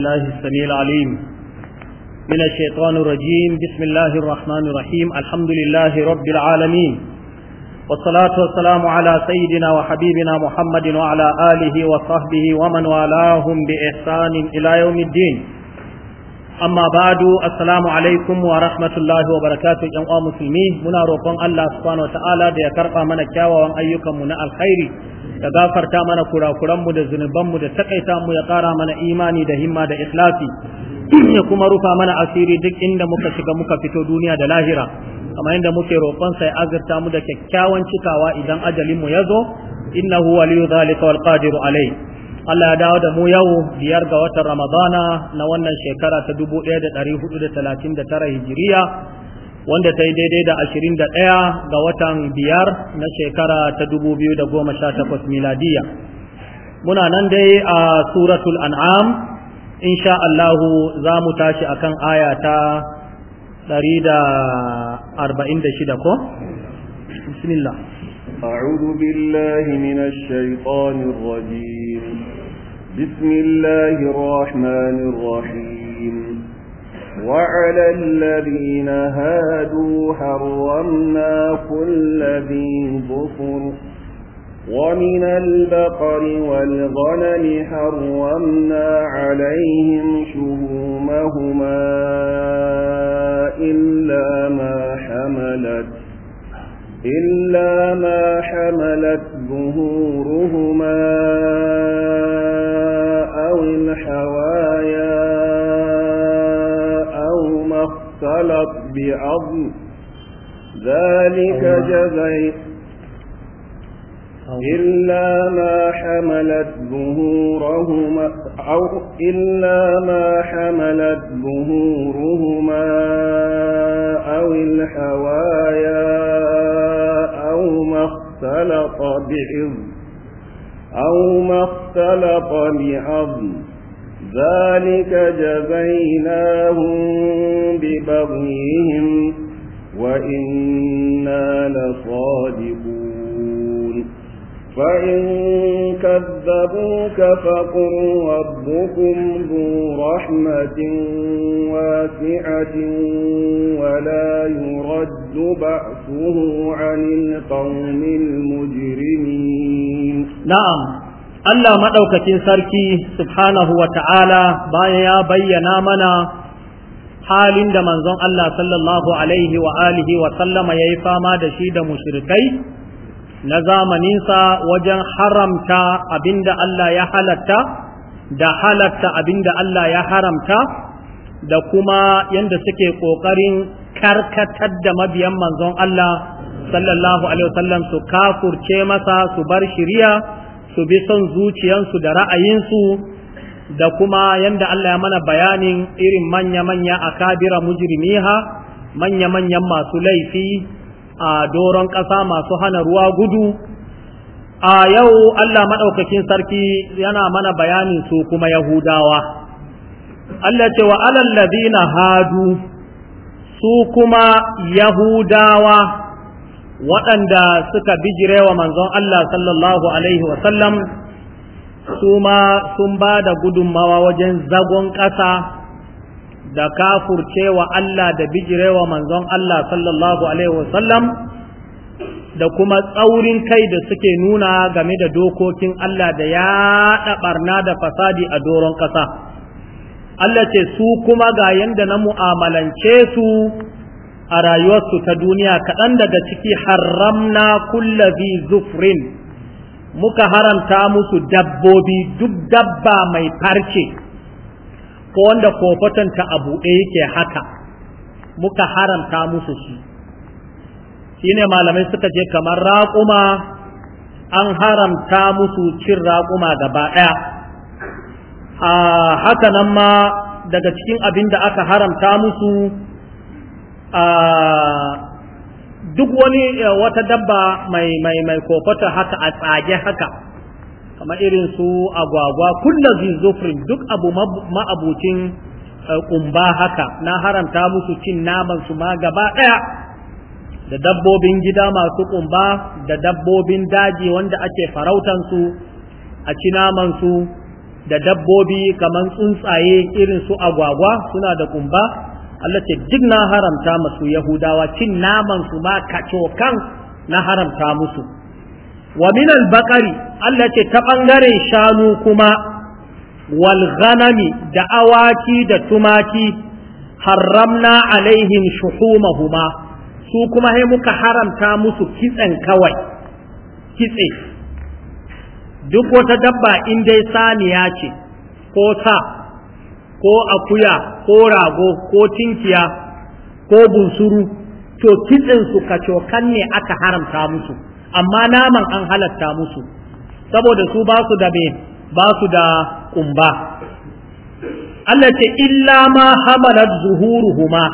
الله السميع العليم من الشيطان الرجيم بسم الله الرحمن الرحيم الحمد لله رب العالمين والصلاة والسلام على سيدنا وحبيبنا محمد وعلى آله وصحبه ومن والاهم بإحسان إلى يوم الدين أما بعد السلام عليكم ورحمة الله وبركاته يا مسلمين منا روكم الله سبحانه وتعالى دي كرقى من كاوى وأن أيكم من الخير ya gafarta mana kurakuranmu da zunubanmu da takaita mu ya kara mana imani da himma da ikhlasi ya kuma rufa mana asiri duk inda muka shiga muka fito duniya da lahira kamar yadda muke roƙon sai azurta mu da kyakkyawan cikawa idan ajalin mu yazo innahu waliyu zalika wal qadiru alai Allah ya dawo da mu yau biyar ga watan Ramadana na wannan shekara ta 1439 hijiriya wanda ta yi daidai da ashirin da ɗaya ga watan biyar na shekara ta dubu biyu da goma sha takwas miladiya muna nan dai a suratul an'am insha Allahu za mu tashi akan aya ta ɗari da arba'in da shida ko bismillah أعوذ بالله من الشيطان الرجيم بسم الله الرحمن الرحيم وعلى الذين هادوا حرمنا كل ذي ظفر ومن البقر والغنم حرمنا عليهم شهومهما إلا ما حملت إلا ما حملت ظهورهما أو الحوايا يوم اختلط بعظم ذلك جزي إلا ما حملت ظهورهما أو إلا ما حملت ظهورهما أو الحوايا أو ما اختلط بعظم أو ما اختلط بعظم ذلك جزيناهم ببغيهم وإنا لصادقون فإن كذبوك فقل ربكم ذو رحمة واسعة ولا يرد بأسه عن القوم المجرمين نعم Allah maɗaukacin sarki subhanahu wa ta'ala bayan ya bayyana mana halin da manzon Allah sallallahu alaihi wa alihi wa sallama ya yi fama da shi da mushrikai na zamaninsa wajen haramta abinda Allah ya halatta da halatta abinda Allah ya haramta da kuma yadda suke ƙoƙarin karkatar da mabiyan manzon Allah sallallahu alaihi sallam su kafurce masa su bar shiriya su bi son zuciyansu da ra'ayinsu da kuma yadda Allah ya mana bayanin irin manya-manya a kabira mujrimiha manya-manyan masu laifi a doron ƙasa masu hana ruwa gudu a yau Allah maɗaukakin sarki yana mana bayanin su kuma yahudawa Allah ce wa alallazina hadu su kuma yahudawa waɗanda suka wa manzon Allah sallallahu alaihi wasallam su ma sun ba da gudunmawa wajen zagon ƙasa da kafurcewa Allah da bijirewa manzon Allah sallallahu alaihi wasallam da kuma tsaurin kai da suke nuna game da dokokin Allah da ya ɓarna da fasadi a doron ƙasa. Allah ce su kuma ga yadda na mu'amalance su a rayuwarsu ta duniya kaɗan daga ciki haramna kulla zi zufrin muka haramta musu dabbobi duk dabba mai farce ko wanda kofatanta a buɗe yake haka muka haramta musu shi ne malamai suka je kamar raƙuma an haramta musu cin raƙuma gaba ɗaya a haka nan ma daga cikin abin da aka haramta musu duk wani eh, wata dabba mai mai mai kofata haka a tsage haka kamar irin su agwagwa kulla zizofrin duk abu ma'abucin kumba eh, haka na haramta musu cin naman su ma gaba daya da dabbobin gida masu kumba da dabbobin daji wanda ake farautan su a ci naman su da dabbobi kamar tsuntsaye irin su agwagwa suna da kumba Allah ce duk na haramta masu Yahudawa cin naman su ma kacokan na haramta musu wa min al Allah ce ta ɓangaren shanu kuma wal ghanami da awaki da tumaki harramna alaihim shuhumahuma su kuma sai muka haramta musu kitsen kawai kitse duk wata dabba in dai saniya ce ko sa ko akuya ko rago ko tinkiya ko bunsuru to kitsinsu cokan ne aka haramta musu amma naman an halatta musu saboda su ba su da me ba su da kumba Allah ce illa ma hamalat zuhuruhuma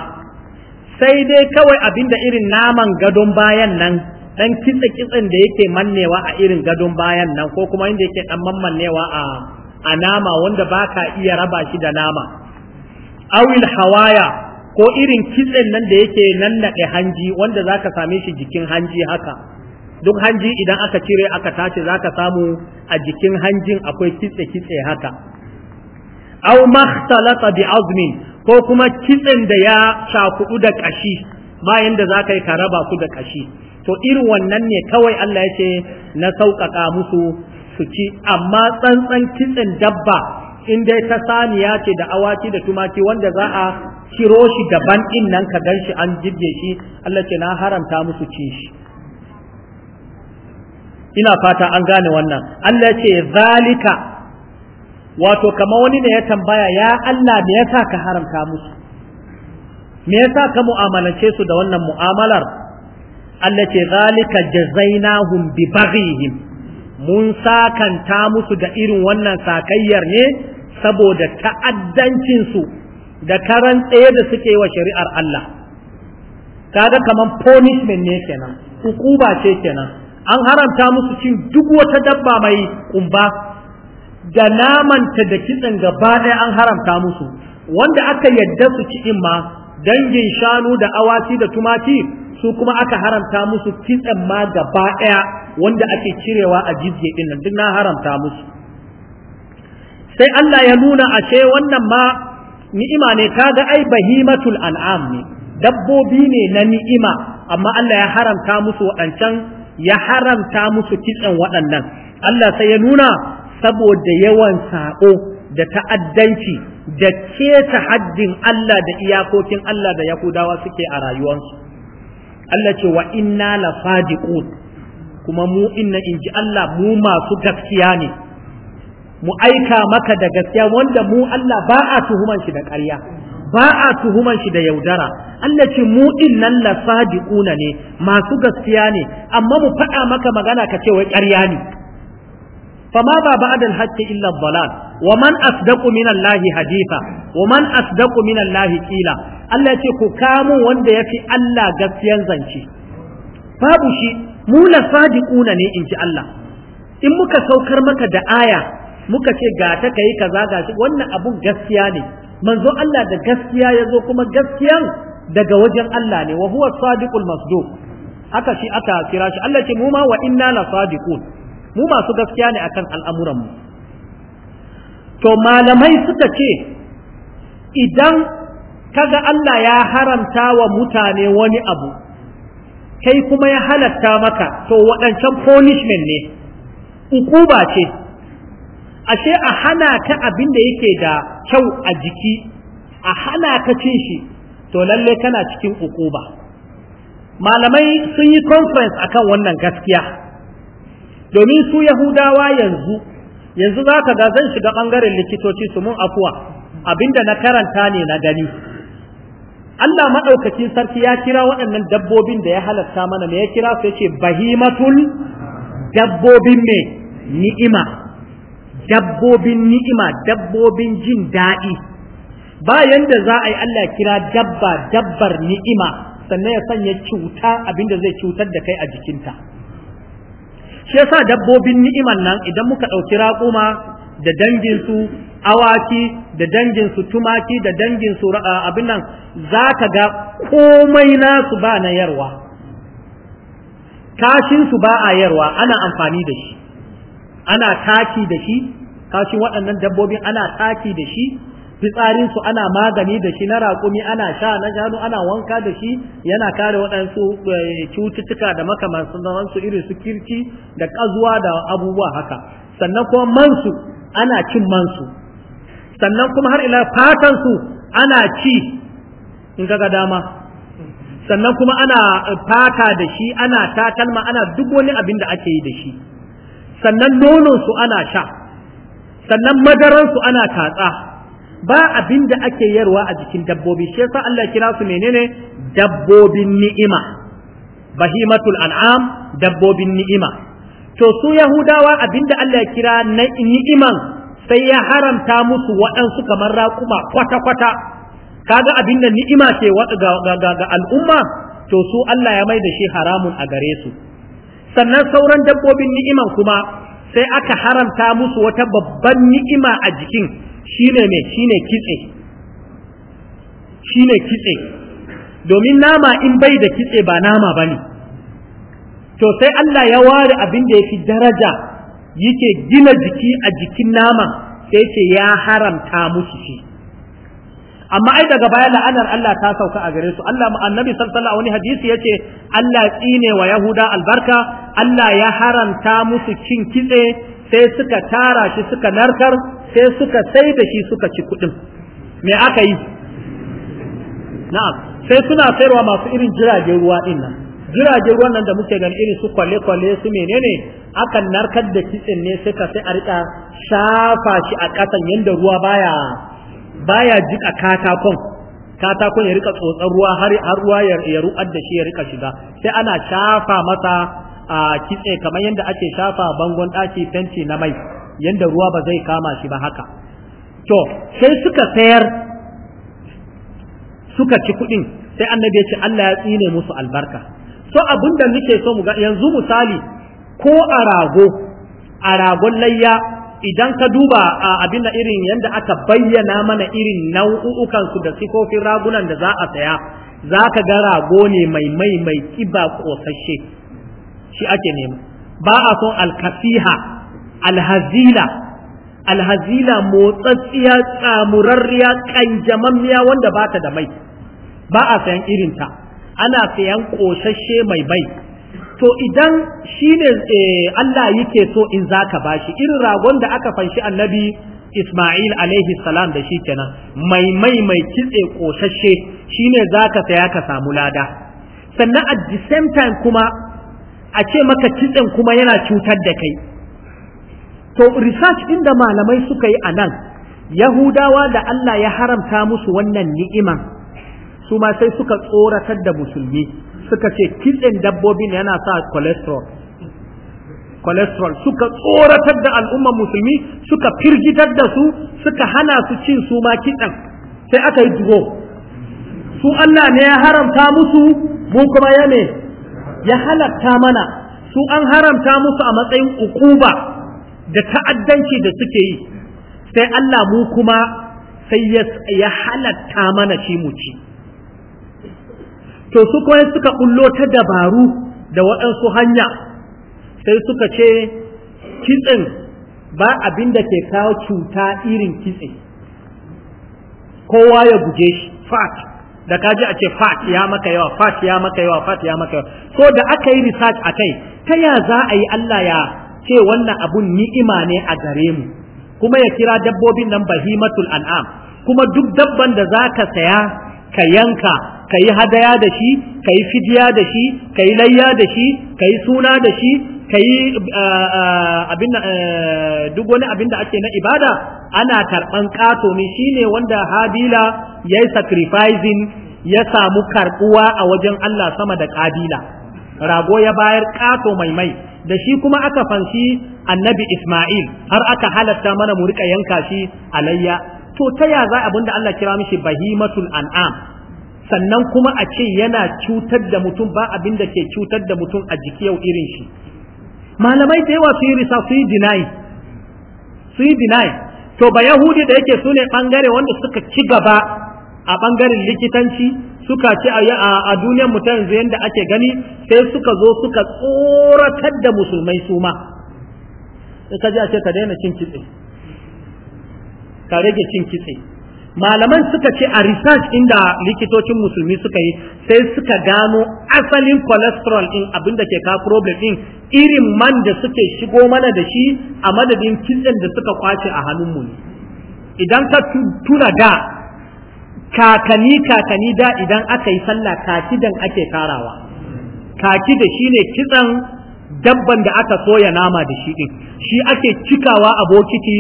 sai dai kawai abinda irin naman gadon bayan nan dan kitse kitsen da yake mannewa a irin gadon bayan nan ko kuma inda yake dan mannewa a a nama wanda baka iya raba shi da nama awil hawaya ko irin kitsen nan da yake nannaɗe hanji wanda zaka same shi jikin hanji haka duk hanji idan aka cire aka tace zaka samu a jikin hanjin akwai kitse kitse haka aw makhtalata bi azmi ko kuma kitsen da ya shakudu da ƙashi bayan da zaka yi ka raba ku da ƙashi, to irin wannan ne kawai Allah ya ce na sauƙaƙa musu su ci amma tsantsan kitsin dabba in dai ta saniya ce da awaki da tumaki wanda za a kiro shi daban din nan ka gan shi an jibge shi Allah ce na haramta musu ci shi ina fata an gane wannan Allah ce zalika wato kama wani ne ya tambaya ya Allah me yasa ka haramta musu me yasa ka mu'amalance su da wannan mu'amalar Allah ce zalika jazainahum bi baghihim mun sakanta musu da irin wannan sakayyar ne saboda ta'addancinsu da karan tsaye da suke wa shari'ar Allah kaga kaman punishment ne kenan hukuba ce kenan an haramta musu cin duk wata dabba mai kumba da namanta da kitsen gaba ɗaya an haramta musu wanda aka yadda su ci ma dangin shanu da awaci da tumaki su kuma aka haramta musu kitsen ma gaba ɗaya wanda ake cirewa a jizye ɗin nan duk na haramta musu sai Allah ya nuna ashe wannan ma ni'ima ne ta ga ai bahimatul an'am ne dabbobi ne na ni'ima amma Allah ya haramta musu waɗancan ya haramta musu kitsen waɗannan Allah sai ya nuna saboda yawan saƙo da ta'addanci da keta haddin Allah da iyakokin Allah da Yahudawa suke a rayuwarsu Allah ce wa inna la sadiqun kuma mu inna in ji Allah mu masu gaskiya ne mu aika maka da gaskiya wanda mu Allah ba a tuhuman shi da ƙarya ba a tuhuman shi da yaudara Allah ce mu innan la sadiquna ne masu gaskiya ne amma mu faɗa maka magana ka ce wai ƙarya ne fama ba ba'da al-haqqi illa dhalal wa man asdaqu min Allah haditha wa man asdaqu min Allah qila Allah ce ku kamo wanda yafi Allah gaskiyan zance babu shi mu sadiquna ne in ji Allah in muka saukar maka da aya muka ce ga ta kai kaza ga wannan abun gaskiya ne manzo Allah da gaskiya ya zo kuma gaskiya daga wajen Allah ne wa huwa sadiqul masduq haka shi aka kira shi Allah ce mu wa inna la sadiqun mu masu gaskiya ne akan al'amuran mu to malamai suka ce idan kaga Allah ya haramta wa mutane wani abu kai kuma ya halatta maka to waɗancan punishment ne ukuba ce ashe a hana ka abin da yake da kyau a jiki a hana ka cin shi to lalle kana cikin ukuba malamai sun yi conference akan wannan gaskiya domin su yahudawa yanzu yanzu za ka ga zan shiga ɓangaren likitoci su mun afuwa abinda na karanta ne na gani Allah maɗaukacin sarki ya kira waɗannan dabbobin da ya halatta mana me ya kira su yace bahimatul dabbobin me ni'ima dabbobin ni'ima dabbobin jin daɗi bayan da za a yi Allah kira dabba dabbar ni'ima sannan ya sanya cuta abinda zai cutar da kai a jikinta shi yasa dabbobin ni'iman nan idan muka ɗauki raƙuma da danginsu awaki da danginsu tumaki da danginsu abin nan za ka ga komai nasu ba na yarwa kashinsu ba a yarwa ana amfani da shi ana taki da shi kashin waɗannan dabbobin ana taki da shi fitsarinsu ana magani da shi na raƙumi ana sha na shanu ana wanka da shi yana kare waɗansu eh, cututtuka da makamansu irin su kirki da ƙazuwa da abubuwa haka sannan kuma mansu ana cin mansu sannan kuma har ila fatansu ana ci in ga dama sannan kuma ana eh, fata da shi ana takalma ana duk wani abin da ake yi da shi sannan nononsu ana sha sannan madaransu ana tatsa ba abin da ake yarwa a jikin dabbobi shi yasa Allah kira su menene dabbobin ni'ima bahimatul an'am dabbobin ni'ima to su yahudawa abin da Allah kira na ni'iman sai ya haramta musu waɗansu kamar raƙuma kwata-kwata kaga abin da ni'ima ke ce ga al'umma to su Allah ya mai da shi haramun a gare su sannan sauran dabbobin ni'iman kuma sai aka haramta musu wata babban ni'ima a jikin shine ne shine kitse shine kitse domin nama in bai da kitse ba nama ba ne, to sai Allah ya ware abin da yafi daraja yake gina jiki a jikin nama sai ce ya haramta musu shi amma ai daga baya la'anar Allah ta sauka a gare su Allah annabi sallallahu wani hadisi yace Allah tsine wa yahuda albarka Allah ya haramta musu cin kitse sai suka tara shi suka narkar sai suka sai da shi suka ci kuɗin me aka yi na'am sai suna sayarwa masu irin jiragen ruwa din nan jiragen ruwan nan da muke gani irin su kwale-kwale su menene aka narkar da kitsin ne sai ka sai a rika shafa shi a ƙasan yanda ruwa baya baya jika katakon katakon ya rika tsotsar ruwa har ruwa ya ruwa da shi ya rika shiga sai ana shafa masa a kitse kamar yadda ake shafa bangon ɗaki fenti na mai yanda ruwa ba zai kama shi ba haka to sai suka sayar suka ci kuɗin sai annabi ya ce Allah ya tsine musu albarka so abin da muke so mu ga yanzu misali ko a rago a ragon layya idan ka duba a abin da irin yanda aka bayyana mana irin nau'ukan su da sifofin ragunan da za a saya za ka ga rago ne mai mai mai kiba kosashe shi ake nema ba a son alkasiha alhazila alhazila motsatsiya tsamurarriya kanjamammiya wanda ba ta da mai ba a sayan irinta ana sayan ƙosashe mai mai to idan shi ne eh, Allah yake so in za ka bashi irin ragon da aka fanshi annabi Ismail alaihi salam da shi kenan mai mai mai kitse ƙosashe shi ne za ka saya ka samu lada sannan at the same time kuma a ce maka kitsen kuma yana cutar da kai to research din da malamai suka yi a nan yahudawa da Allah ya haramta musu wannan ni'ima su ma sai suka tsoratar da musulmi suka ce kitsen dabbobin yana sa cholesterol cholesterol suka tsoratar da al'umman musulmi suka firgitar da su suka hana su cin su ma kitsen sai aka yi duro su Allah ne ya haramta musu mu kuma ya ya halatta mana su an haramta musu a matsayin ukuba da ta'addanci da suke yi sai Allah mu kuma sai ya halatta mana shi mu ci to su kuma suka bullo ta dabaru da waɗansu hanya sai suka ce kitsin ba abin da ke kawo cuta irin kitse kowa ya guje shi fat da kaji a ce fat ya maka yawa fat ya maka yawa fat ya maka yawa so da aka yi research a kai ta ya za a yi Allah ya ce wannan abun ni'ima ne a gare mu kuma ya kira dabbobin nan bahimatul an'am kuma duk dabban da zaka saya ka yanka ka yi hadaya da shi ka yi fidiya da shi ka yi layya da shi ka yi suna da shi ka yi abin duk wani abin da ake na ibada ana karɓan ƙato ne shine wanda habila ya yi sacrificing ya samu karɓuwa a wajen Allah sama da ƙabila rago ya bayar ƙato mai mai da shi kuma aka fanshi annabi Ismail har aka halatta mana mu rika yanka shi alayya to ta ya za abin da Allah kira mishi bahimatul an'am sannan kuma a ce yana cutar da mutum ba abin ke cutar da mutum a jiki yau irin shi malamai da yawa su yi risa su yi deny su yi deny to ba yahudi da yake sune ne bangare wanda suka ci gaba a bangaren likitanci suka ce a duniyar mutum yanzu yadda ake gani sai suka zo suka tsoratar da musulmai su ma ka ji a ce ka daina cin kitse ka rage cin kitse malaman suka ce a research inda likitocin musulmi suka yi sai suka gano asalin cholesterol din abinda ke ka problem din irin man da suke shigo mana da shi a madadin kitsen da suka kwace a hannunmu ne idan ka tuna da kakani kakani da idan aka yi sallah kakidan ake karawa kaki da shi ne kitsan dabban da aka soya nama da shi din shi ake cikawa a bokiti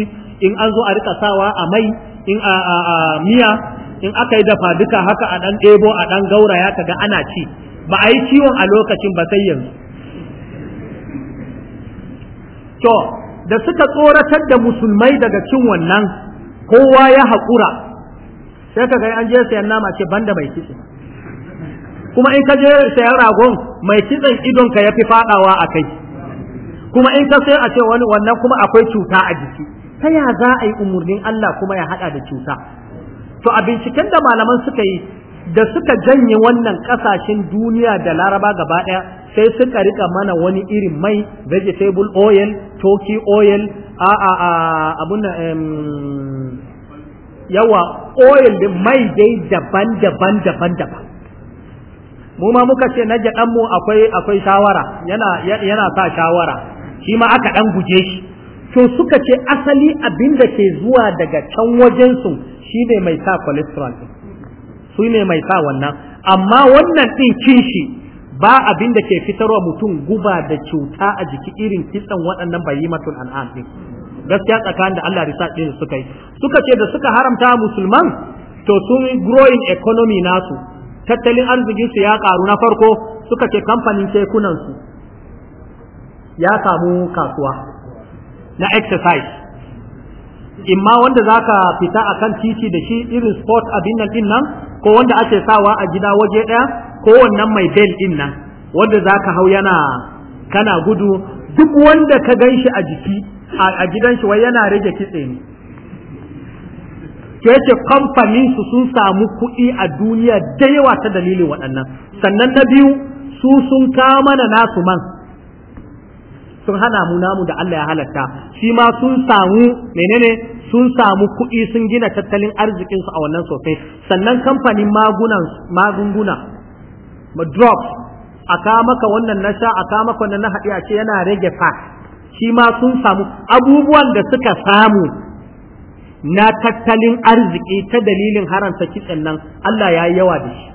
in an zo a rika sawa a mai in a, miya in aka yi dafa duka haka a dan ebo a dan gauraya ga ana ci ba a yi ciwon a lokacin ba sai yanzu to da suka tsoratar da musulmai daga cin wannan kowa ya haƙura sai ka gani an je sayan nama ce banda mai kitse kuma in ka je sayan ragon mai kitsen idon ka yafi fadawa a kai kuma in ka sai a ce wani wannan kuma akwai cuta a jiki ta ya za a yi umarnin Allah kuma ya hada da cuta to a binciken da malaman suka yi da suka janye wannan kasashen duniya da laraba gaba daya sai suka rika mana wani irin mai vegetable oil turkey oil a a a abun yawa oil din mai dai daban-daban daban-daban mu ma muka ce na dan mu akwai akwai shawara yana yana sa shawara shi ma aka dan guje shi to suka ce asali abin da ke zuwa daga can wajen su shi ne mai sa cholesterol din su ne mai sa wannan amma wannan din cin shi ba abin da ke fitarwa mutum guba da cuta a jiki irin kitsan waɗannan bayyimatul an'am din gaskiya tsakanin da Allah risa ɗin suka yi suka ce da suka haramta musulman to sun growing economy nasu tattalin arzikin su ya karu na farko suka ce kamfanin tekunan su ya samu kasuwa na exercise imma wanda zaka fita akan titi da shi irin sport abin nan din nan ko wanda ake sawa a gida waje daya ko wannan mai bel din nan wanda zaka hau yana kana gudu duk wanda ka ganshi a jiki a gidan shi wai yana rage kitse ne ke ce kamfanin su sun samu kuɗi a duniya da yawa ta dalilin waɗannan sannan na biyu su sun kama na nasu man sun hana mu namu da Allah ya halatta shi ma sun samu menene sun samu kuɗi sun gina tattalin arzikinsu a wannan sosai sannan kamfanin magunguna drugs a maka wannan nasha, a maka wannan na haɗe a ce yana rage fa shi ma sun samu abubuwan da suka samu na tattalin arziki ta dalilin haranta kitsen nan Allah ya yi yawa da shi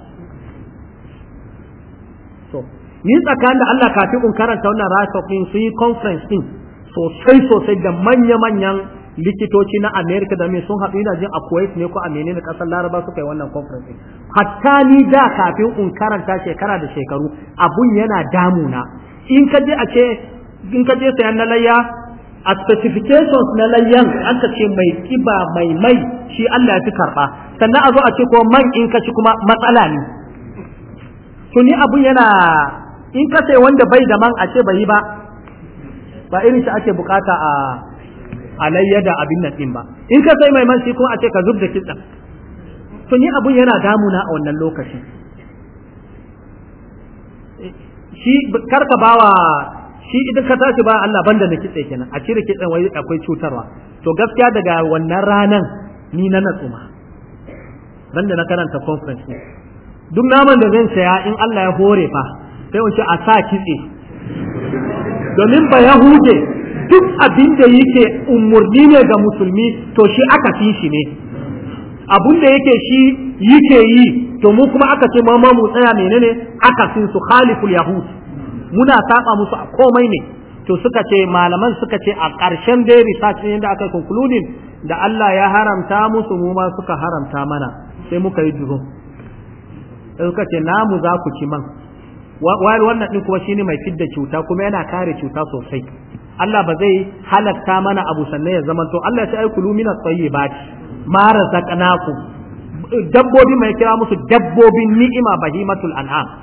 ni tsakanin da Allah kafin in karanta wannan rasafin sun yi conference din sosai sosai da manya-manyan likitoci na America da mai sun haɗu ina jin a Kuwait ne ko a menene ƙasar Laraba suka yi wannan conference din hatta ni da kafin in karanta shekara da shekaru abun yana damuna in ka je a ce in ka je sayan na layya a specifications na layyan an ka ce mai kiba mai mai shi Allah ya fi karba sannan a zo a ce ko man in ka ci kuma matsala ne tuni abun yana in ka sai wanda bai da man a ce bai yi ba ba irin shi ake bukata a alayya da abin nan din ba in ka sai mai man shi kuma a ce ka zub da kitsa tuni abun yana damuna a wannan lokaci eh, shi karka bawa shi idan ka tashi ba Allah banda na kitse kenan a cire kitsen wai akwai cutarwa to gaskiya daga wannan ranan ni na natsu ma banda na karanta conference duk naman da zan saya in Allah ya hore fa sai wace a sa kitse domin ba ya huje duk abin da yake umurni ne ga musulmi to shi aka fi shi ne abun da yake shi yake yi to mu kuma aka ce mamamu mu tsaya menene aka sun su khaliful yahud muna saba musu a komai ne to suka ce malaman suka ce a ƙarshen dai research ne da aka concluding da Allah ya haramta musu mu ma suka haramta mana sai muka yi duro suka ce namu za ku ci man wayar wannan din kuma shine mai fidda cuta kuma yana kare cuta sosai Allah ba zai halatta mana abu sannan ya to Allah ya ce ai kulu min at-tayyibati ma razaqnakum dabbobi mai kira musu dabbobin ni'ima bahimatul an'am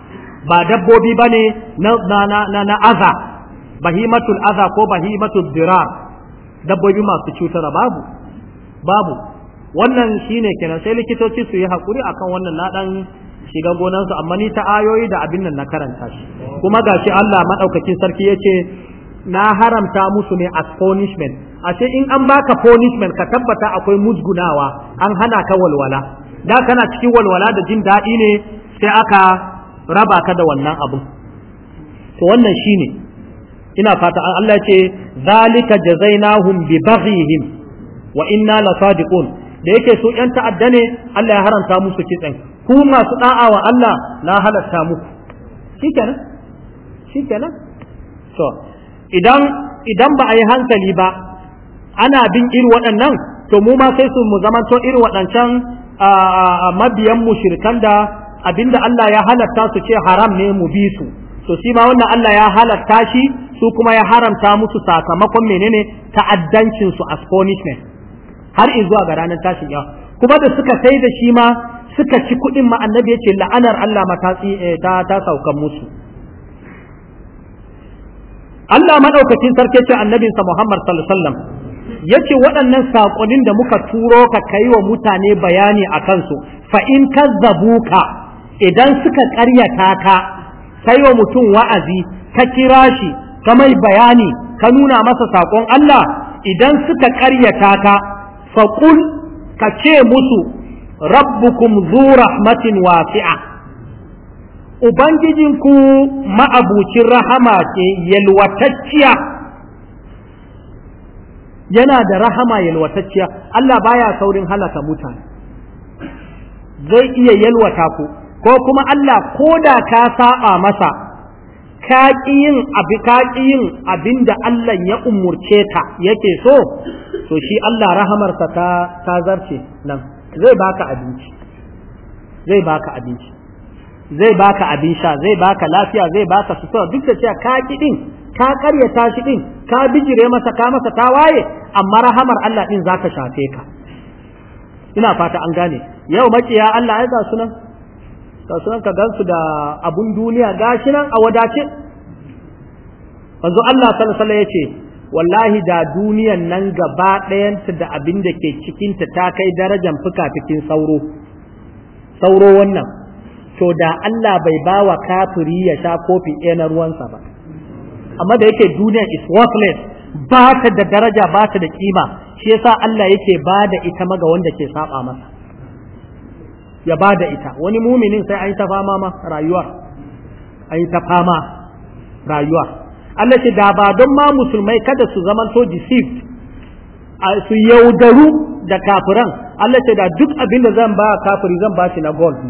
ba dabbobi ba ne na aza bahimatul aza ko bahimatul dira dabbobi masu cutar babu babu wannan shine kenan sai likitoci su yi hakuri akan wannan na dan shiga gonansu amma ni ta ayoyi da abin nan na karanta shi kuma gashi Allah madaukakin sarki yace na haramta musu ne as punishment ashe in an baka punishment ka tabbata akwai musgunawa an hana ka walwala da kana cikin walwala da jin daɗi ne sai aka raba ka da wannan abu to wannan shine ina fata Allah ce zalika jazainahum bi baghihim wa inna la da yake so yan ta'adda ne Allah ya haranta musu kitsen ku masu da'a wa Allah na halatta muku shikenan shikenan to idan idan ba a yi hankali ba ana bin irin waɗannan to mu ma sai su mu zamanto irin waɗancan mabiyan mushrikan da abinda Allah ya halatta su ce haram ne mu bi su to shi ma wannan Allah ya halatta shi su kuma ya haramta musu sakamakon menene ta'addancin su as punishment har zuwa ga ranar tashin yawa kuma da suka sai da shi ma suka ci kuɗin ma annabi ya ce la'anar Allah ma ta eh, ta saukan musu Allah madaukakin sarki ce annabinsa Muhammad sallallahu alaihi wasallam yace waɗannan saƙonin da muka turo ka kai wa mutane bayani a kansu fa in kazzabuka idan suka ƙaryata ka sai wa mutum wa'azi ka kira shi ka mai bayani ka nuna masa saƙon Allah idan suka ƙaryata ka faƙul ka ce musu rabbukum zu rahmatin wasi'a ubangijinku ma'abucin rahama ce yalwatacciya yana da rahama yalwatacciya Allah baya saurin halaka mutane zai iya yalwata ku ko kuma Allah ko da ka saba masa ka yin abi ka yin abinda Allah ya umurce ta yake so to shi Allah rahamarsa ta ta zarce nan zai baka abinci zai baka abinci zai baka abin sha zai baka lafiya zai baka sutura duk da cewa ka ki din ka karyata shi din ka bijire masa ka masa ta waye amma rahamar Allah din zaka shafe ka ina fata an gane yau makiya Allah ya ga sunan ta sunan ka gansu da abun duniya gashi nan a wadace manzo Allah sallallahu alaihi yace wallahi da duniyan nan gaba ɗayanta da abin da ke cikinta ta kai darajar fuka cikin sauro sauro wannan to da Allah bai ba wa kafiri ya sha kofi ɗaya na ruwansa ba amma da yake duniyan is worthless ba ta da daraja ba ta da kima shi yasa Allah yake ba da ita maga wanda ke saba masa ya ba da ita wani muminin sai an ta fama ma rayuwar an ta fama rayuwa Allah ce da ba don ma musulmai kada su zaman so deceived su yaudaru da kafiran Allah ce da duk abin da zan ba kafiri zan ba shi na gold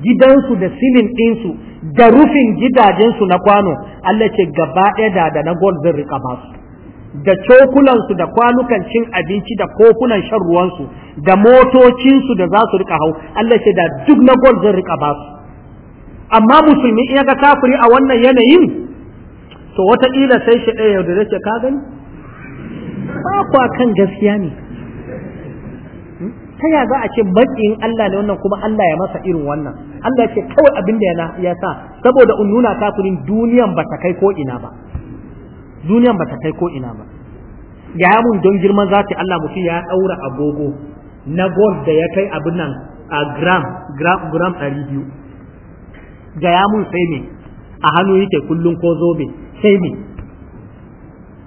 gidansu da silin ɗinsu da rufin gidajensu na kwano Allah ce gaba ɗaya da na gold zan riƙa ba su da cokulansu da kwanukan cin abinci da kofunan shan ruwansu da motocinsu da za su rika hau Allah ce da duk na gol zai rika su amma musulmi in ga kafiri a wannan yanayin to kila sai shi ɗaya yau da zai ce ka gani ba kwa kan gaskiya ne hmm? ta ya za a ce baƙin Allah ne wannan kuma Allah ya masa irin wannan Allah ya ce kawai abin da ya sa saboda un nuna kafirin duniyan ba ta kai ko ina ba duniyan ba ta kai ko ina ba ya mun don girman zati Allah mutum ya daura agogo na gold da ya kai abin nan a gram gram gram 200 ga ya mun sai me a hannu yake kullun ko zobe sai me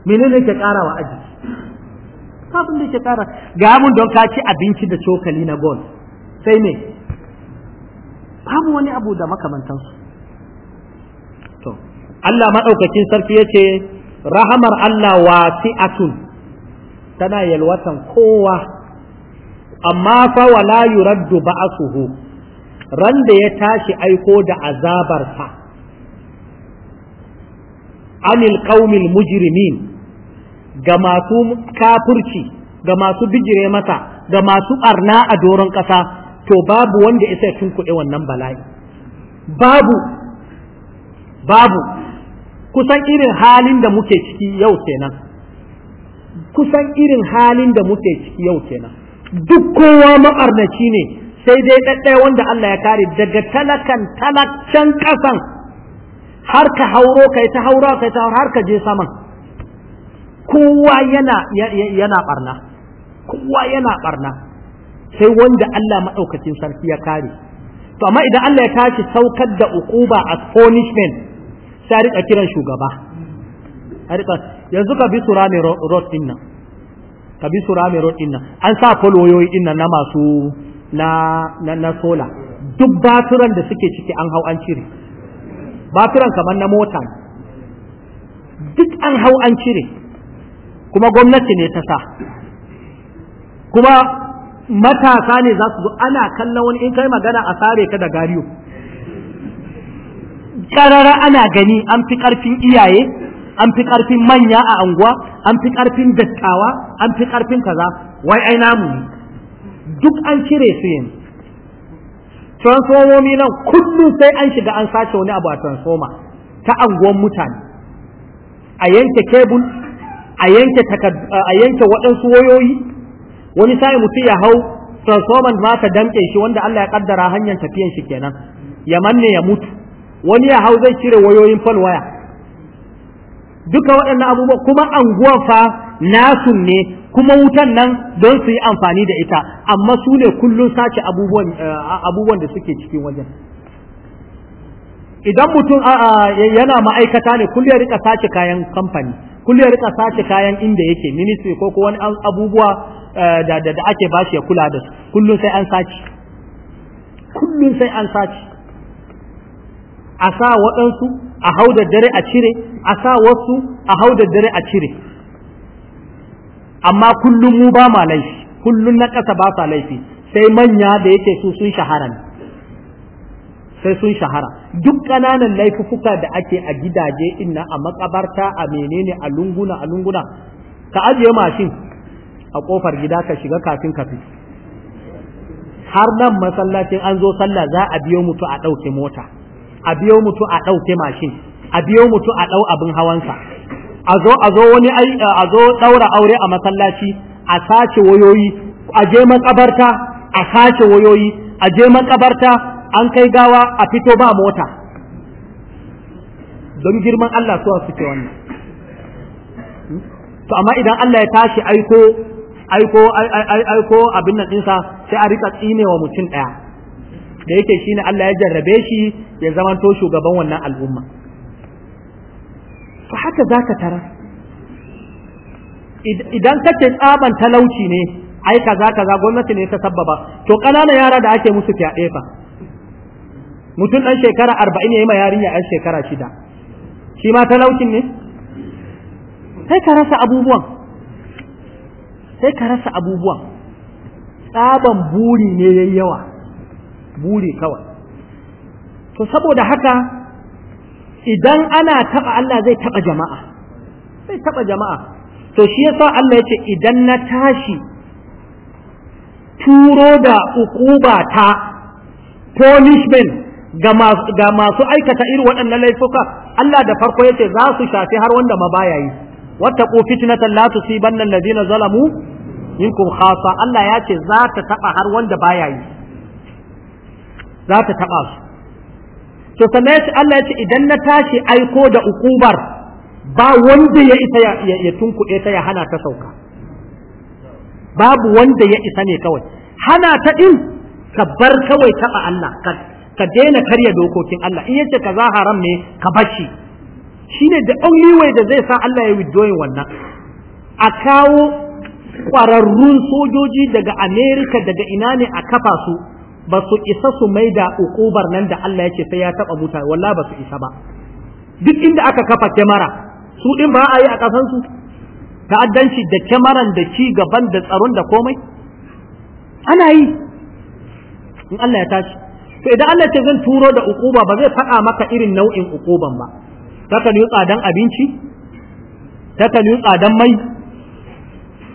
menene ke karawa aji kafin da ke kara ga mun don ka ci abinci da cokali na gold sai me babu wani abu da makamantansu to Allah maɗaukakin sarki ce. rahamar Allah wasi'atun tana yalwatan kowa amma fa wala yuraddu ba'suhu ran da ya tashi aiko da azabarsa anil qaumil mujrimin ga masu kafurci, ga masu bijire mata ga masu arna a doron ƙasa to babu wanda isa ya wannan bala'i babu babu kusan irin halin da muke ciki yau kenan kusan irin halin da muke ciki yau kenan duk kowa ma'arnaci ne sai dai ɗaɗɗaya wanda Allah ya kare daga talakan talakcan ƙasan har ka hauro kai ta haura kai ta har ka je saman kowa yana yana barna kowa yana barna sai wanda Allah maɗaukacin sarki ya kare to amma idan Allah ya tashi saukar da ukuba as punishment sai a kiran shugaba yanzu ka bi mai rot din nan ka bi mai rot din nan an sa folwoyoyi din nan na masu na sola duk baturan da suke ciki an hau an cire baturan kamar na mota duk an hau an cire kuma gwamnati ne ta sa kuma matasa ne za su zo ana kallon wani in kai magana a sare ka da gariyo karara ana gani an fi karfin iyaye an fi karfin manya a anguwa an fi karfin dattawa an fi karfin kaza wai ai namu ne duk an cire su yin transformomi nan kullum sai an shiga an sace wani abu a transformer ta anguwan mutane a yanke kebul a yanke a yanke waɗansu wayoyi wani sai mutum ya hau transformer ma ta damke shi wanda Allah ya kaddara hanyar tafiyan shi kenan ya manne ya mutu wani ya hau zai cire wayoyin fal waya duka waɗannan abubuwa kuma anguwar fa nasu ne kuma wutan nan don su yi amfani da ita amma su ne kullum sace abubuwan eh, da suke cikin wajen idan mutum yana ma'aikata ne kullum ya rika sace kayan kamfani kullum ya rika sace kayan inda yake ministry ko wani abubuwa eh, da ake bashi ya kula da su kullum sai an sace kullum sai an sace a sa waɗansu a hau da dare a cire a sa wasu a hau da dare a cire amma kullum mu ba ma laifi kullum na ƙasa ba sa laifi sai manya da yake su sun shahara sai sun shahara duk ƙananan laifuka da ake a gidaje inna a makabarta a menene a lunguna a lunguna ka ajiye mashin a ƙofar gida ka shiga kafin ka fi har nan masallacin an zo sallah za a biyo mutu a ɗauke mota a biyo mutu a ɗauke mashin a biyo mutu a ɗau abin hawansa a zo a zo wani a zo ɗaura aure a masallaci a sace wayoyi a je makabarta a sace wayoyi a je makabarta an kai gawa a fito ba mota don girman Allah suwa suke wannan to amma idan Allah ya tashi aiko aiko aiko abin nan dinsa sai a rika tsinewa mutum ɗaya da yake shine Allah ya jarrabe shi ya zamanto shugaban wannan al'umma fa haka zaka tara idan kake tsaban talauci ne ai zaka za, gwamnati ne ta sababa to ƙananan yara da ake musu fyaɗe fa mutum ɗan shekara arba'in ya yi ma yarinya ɗan shekara shida shi ma talaucin ne sai ka rasa abubuwan sai ka rasa abubuwan tsaban buri ne ya yawa buri kawai to saboda haka idan ana taba Allah zai taba jama'a zai taba jama'a to shi yasa Allah yace idan na tashi turo da ukuba ta punishment ga masu aikata irin waɗannan laifuka Allah da farko yace za su shafi har wanda ma baya yi wattaqu fitnatan la tusibanna alladhina zalamu minkum khasa Allah ce za ta taɓa har wanda baya yi za ta taɓa su to sannan Allah ya ce idan na tashi aiko da ukubar ba wanda ya isa ya tunkuɗe ta ya hana ta sauka babu wanda ya isa ne kawai hana ta ɗin ka bar kawai taɓa Allah ka daina karya dokokin Allah in yace kaza haram ne ka bashi Shi ne da only way da zai sa Allah ya withdrawing wannan a kawo kwararrun sojoji daga Amerika daga ina ne a kafa su ba su isa su mai da ukubar nan da Allah yake sai ya taba buta walla ba su isa ba duk inda aka kafa kyamara su din ba a yi a kasan su ta'addanci da kyamaran da ci gaban da tsaron da komai ana yi in Allah ya tashi to idan Allah ce zan turo da ukuba ba zai faɗa maka irin nau'in ukuban ba kan yi tsadan abinci kan yi tsadan mai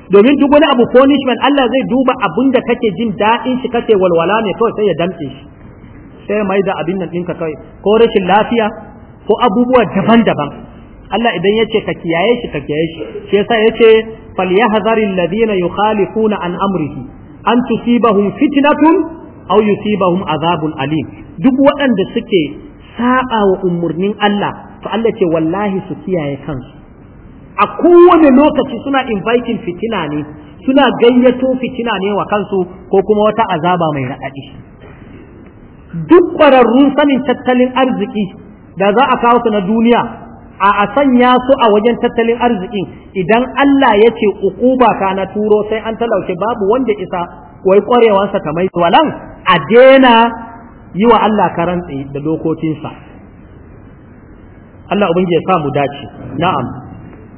domin duk wani abu punishment Allah zai duba abin da kake jin daɗin shi kake walwala ne kawai sai ya damce shi sai mai da abin nan ɗinka kawai ko rashin lafiya ko abubuwa daban-daban Allah idan ya ce ka kiyaye shi ka kiyaye shi shi yasa ya ce falyahzari alladhina yukhalifuna an amrihi an tusibahum fitnatun aw yusibahum azabun alim duk waɗanda suke saba wa umurnin Allah to Allah ce wallahi su kiyaye kansu a kowane lokaci suna inviting fitina ne suna gayyato fitina ne wa kansu ko kuma wata azaba mai raɗaɗi duk ƙwararrun sanin tattalin arziki da za a kawo su na duniya a a sanya su a wajen tattalin arzikin idan Allah ya ce ukuba ka na turo sai an talauce babu wanda isa wai ƙwarewansa ta mai walan a daina yi wa Allah karan da dokokinsa Allah ubangiji ya sa dace na'am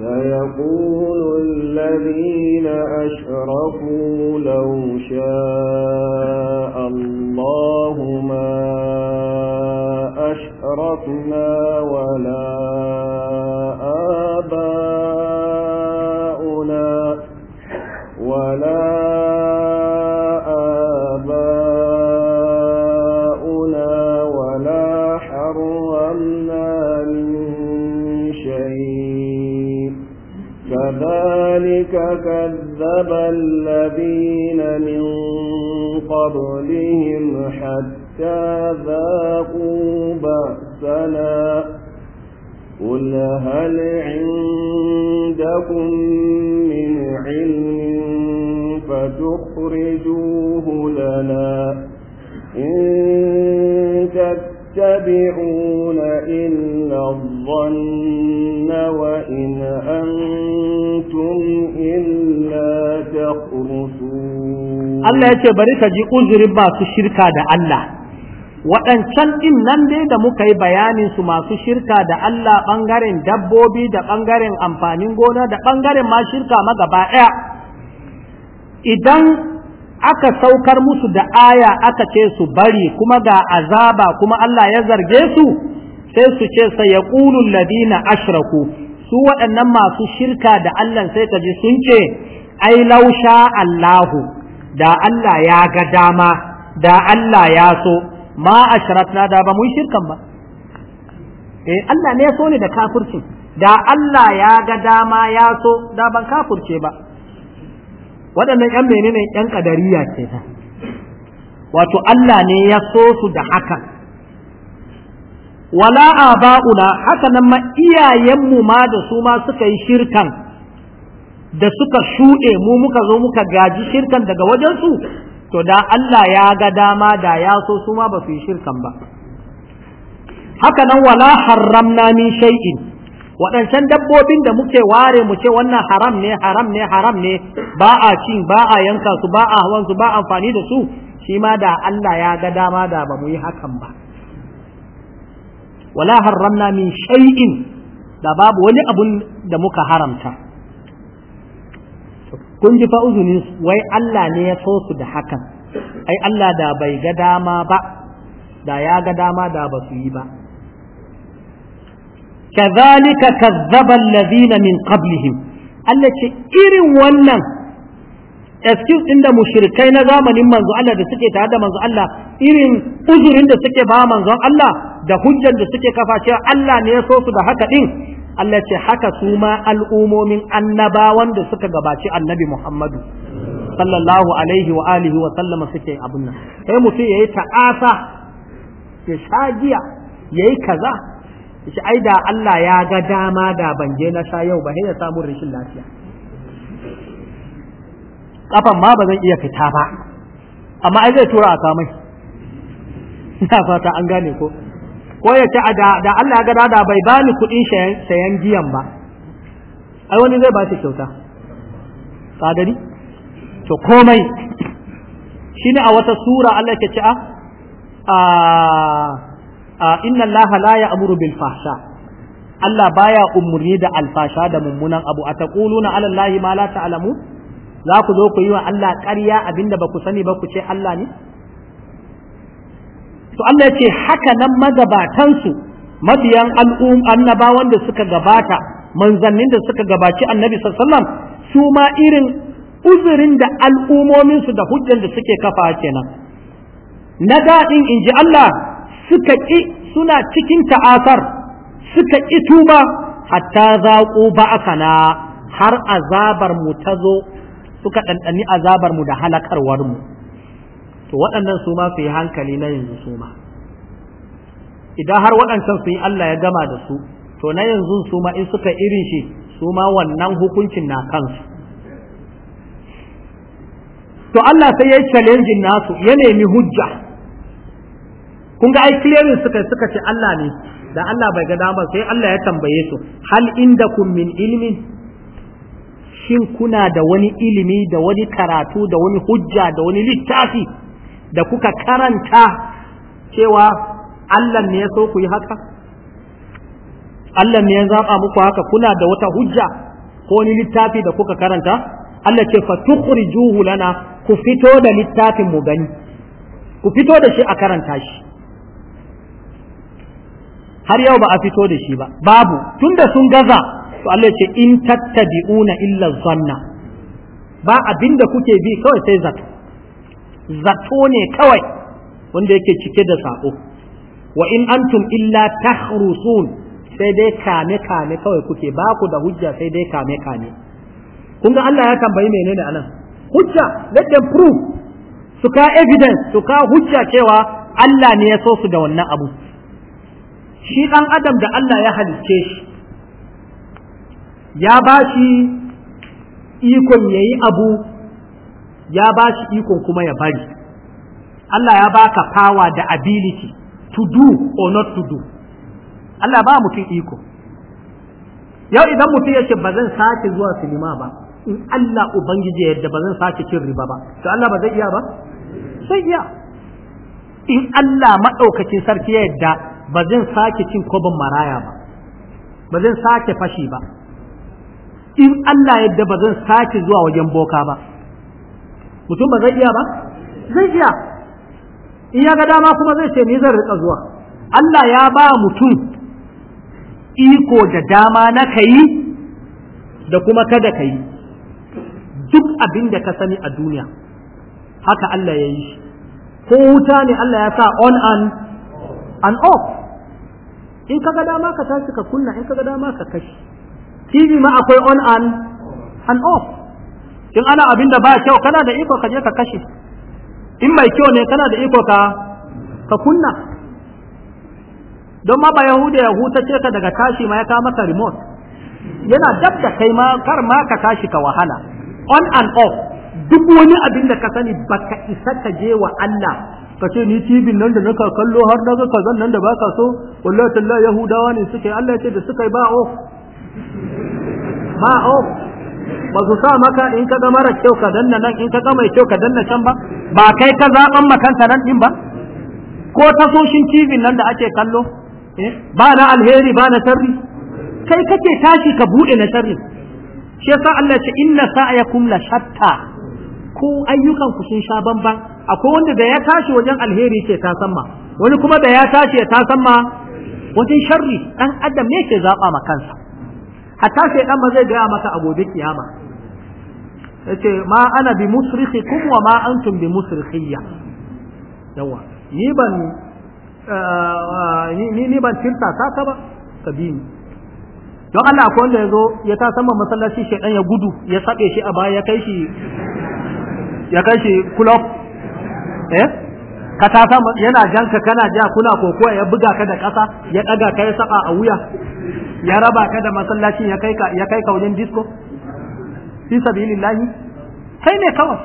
سيقول الذين أشركوا لو شاء الله ما أشركنا ولا لكم من علم فتخرجوه لنا إن تتبعون إلا الظن وإن أنتم إلا تخرصون الله يتبرك جي أنزر ما تشركا دا الله waɗancan ɗin nan dai da muka yi bayanin su masu shirka da Allah ɓangaren dabbobi da ɓangaren amfanin gona da ɓangaren ma shirka ma ɗaya idan aka saukar musu da aya aka ce su bari kuma ga azaba kuma Allah ya zarge su sai su ce sai ya ladina ashraku su waɗannan masu shirka da Allah sai ka ji sun ce ai lausha Allahu da Allah ya ga dama da Allah ya so ma ashratna da ba mu yi shirkan ba eh Allah ne ya so ni da kafircin da Allah ya ga dama ya so da ban kafurce ba waɗannan ƴan menene ƴan kadariya ce ta wato Allah ne ya so su da haka wala aba'una haka nan ma iyayenmu ma da su ma suka yi shirkan da suka shuɗe mu muka zo muka gaji shirkan daga wajen su? to da Allah ya ga dama da ya so su ma ba su yi shirkan ba haka nan wala haramna ni shay'in waɗancan dabbobin da muke ware mu wannan haram ne haram ne haram ne ba a cin ba a yanka su ba a hawan su ba amfani da su shi ma da Allah ya ga dama da ba mu yi hakan ba wala haramna min shay'in da babu wani abun da muka haramta kun ji fa wai Allah ne ya so su da hakan ai Allah da bai ga dama ba da ya ga dama da ba su yi ba kazalika kazzaba allazina min qablihim Allah ce irin wannan excuse din da mushrikai na zamanin manzo Allah da suke tare da manzo Allah irin uzurin da suke ba manzon Allah da hujjan da suke kafa cewa Allah ne ya so su da haka din Allah ce haka su ma al'umomin annabawan da suka gabaci annabi Muhammadu sallallahu alaihi wa alihi wa sallama suke abun nan sai mutum yayi ta'asa ya shagiya yayi kaza shi ai da Allah ya ga dama da ban je na sha yau ba sai ya samu rashin lafiya kafan ma ba zan iya fita ba amma ai zai tura a samai ina fata an gane ko ko ya ce da Allah ya gada da bai bani kuɗin sayan giyan ba ai wani zai ba shi kyauta tsadari to komai shine a wata sura Allah ya ce a a inna Allah la ya'muru bil fahsha Allah baya umurni da alfasha da mummunan abu a taquluna ala Allah ma la ta'lamu za ku zo ku yi wa Allah ƙarya abinda ba ku sani ba ku ce Allah ne to Allah ce haka nan magabatansu mabiyan al'um annabawan da suka gabata manzannin da suka gabaci annabi sallallahu su ma irin uzurin da al'umominsu da hujjan da suke kafa kenan na daɗin in ji Allah suka ƙi suna cikin ta'asar suka ƙi tuba hatta za zaƙo ba'akana har azabar mu ta zo suka ɗanɗani azabar mu da halakarwar mu to waɗannan su ma su yi hankali na yanzu su ma idan har waɗancan su yi Allah ya gama da su to na yanzu su ma in suka irin shi su ma wannan hukuncin na kansu to Allah sai ya yi challenge nasu ya nemi hujja kun ga ai suka suka ce Allah ne da Allah bai ga damar sai Allah ya tambaye su hal indakum min ilmin shin kuna da wani ilimi da wani karatu da wani hujja da wani littafi da kuka karanta cewa Allah ne ya so ku yi haka Allah ne ya zaɓa muku haka kuna da wata hujja ko wani littafi da kuka karanta Allah ce fa tukhrijuhu lana ku fito da littafin mu gani ku fito da shi a karanta shi har yau ba a fito da shi ba babu tunda sun gaza to Allah ce in tattabi'una illa zanna ba abinda kuke bi kawai sai zato zato ne kawai wanda yake cike da sako wa in antum illa tahrusun sai dai kame kame kawai kuke ba ku da hujja sai dai kame kame kun ga Allah ya tambayi menene anan hujja let them prove su ka evidence su ka hujja cewa Allah ne ya so su da wannan abu shi dan adam da Allah ya halicce shi ya ba shi ikon ya yi abu ya ba shi ikon kuma ya bari Allah ya baka power da ability to do or not to do Allah ba mutum iko yau idan mutum ya ce ba zan sake zuwa sinima ba in Allah Ubangiji yadda ba zan sake cin riba ba to Allah ba zai iya ba sai iya in Allah maɗaukacin sarki ya yadda ba zan sake cin kobin maraya ba ba zan sake fashi ba in Allah yadda ba zan sake zuwa wajen boka ba mutum ba zai iya ba zai iya in ya ga dama kuma zai ce ni zan rika zuwa Allah ya ba mutum iko da dama na yi, da kuma kada kayi duk abin da ka sani a duniya haka Allah ya yi ko wuta ne Allah ya sa on and an off in ka ga dama ka tashi ka kunna in ka ga dama ka kashi TV ma akwai on and and off in ana abin da ba kyau kana da iko ka je ka kashe in mai kyau ne kana da iko ka ka kunna don ma ba yahuda ya hutace ka daga tashi ma ya ka maka remote yana dab da kai ma kar ma ka tashi ka wahala on and off duk wani abin da ka sani baka isa ka je wa Allah ka ce ni TV nan da naka kallo har daga kazan nan da baka so wallahi tallahi yahudawa ne suke Allah ya ce da suka yi ba off Ma'o ba su sa maka in ka ga mara kyau ka danna nan in ka ga mai kyau ka danna can ba ba kai ka zaɓan makanta nan din ba ko tasoshin TV nan da ake kallo eh, ba na alheri ba na sharri kai kake tashi ka bude na sharri shi yasa Allah ya ce inna sa'yakum la shatta ku ayyukan ku sun sha bamban akwai wanda da ya tashi wajen alheri ce ta samma wani kuma da ya tashi ya ta samma wajen sharri dan adam ne ke zaba ma kansa hatta dan ba zai gaya maka a gobe kiyama yace ma ana bi musrikhikum wa ma antum bi musrikhiyya yawa ni ban eh, eh, ni ni ban tilta ta ta ba kabini don Allah akwai wanda ya zo ya ta sama masallaci shaytan ya gudu ya sabe shi a baya ya kai shi ya kai shi kulof eh ka ta sama yana janka kana ja kuna kokowa ya buga ka da ƙasa ya ɗaga ka ya saka a wuya ya raba ka da masallacin ya kai ka ya kai ka wajen disco fi sabilillahi kai ne kawai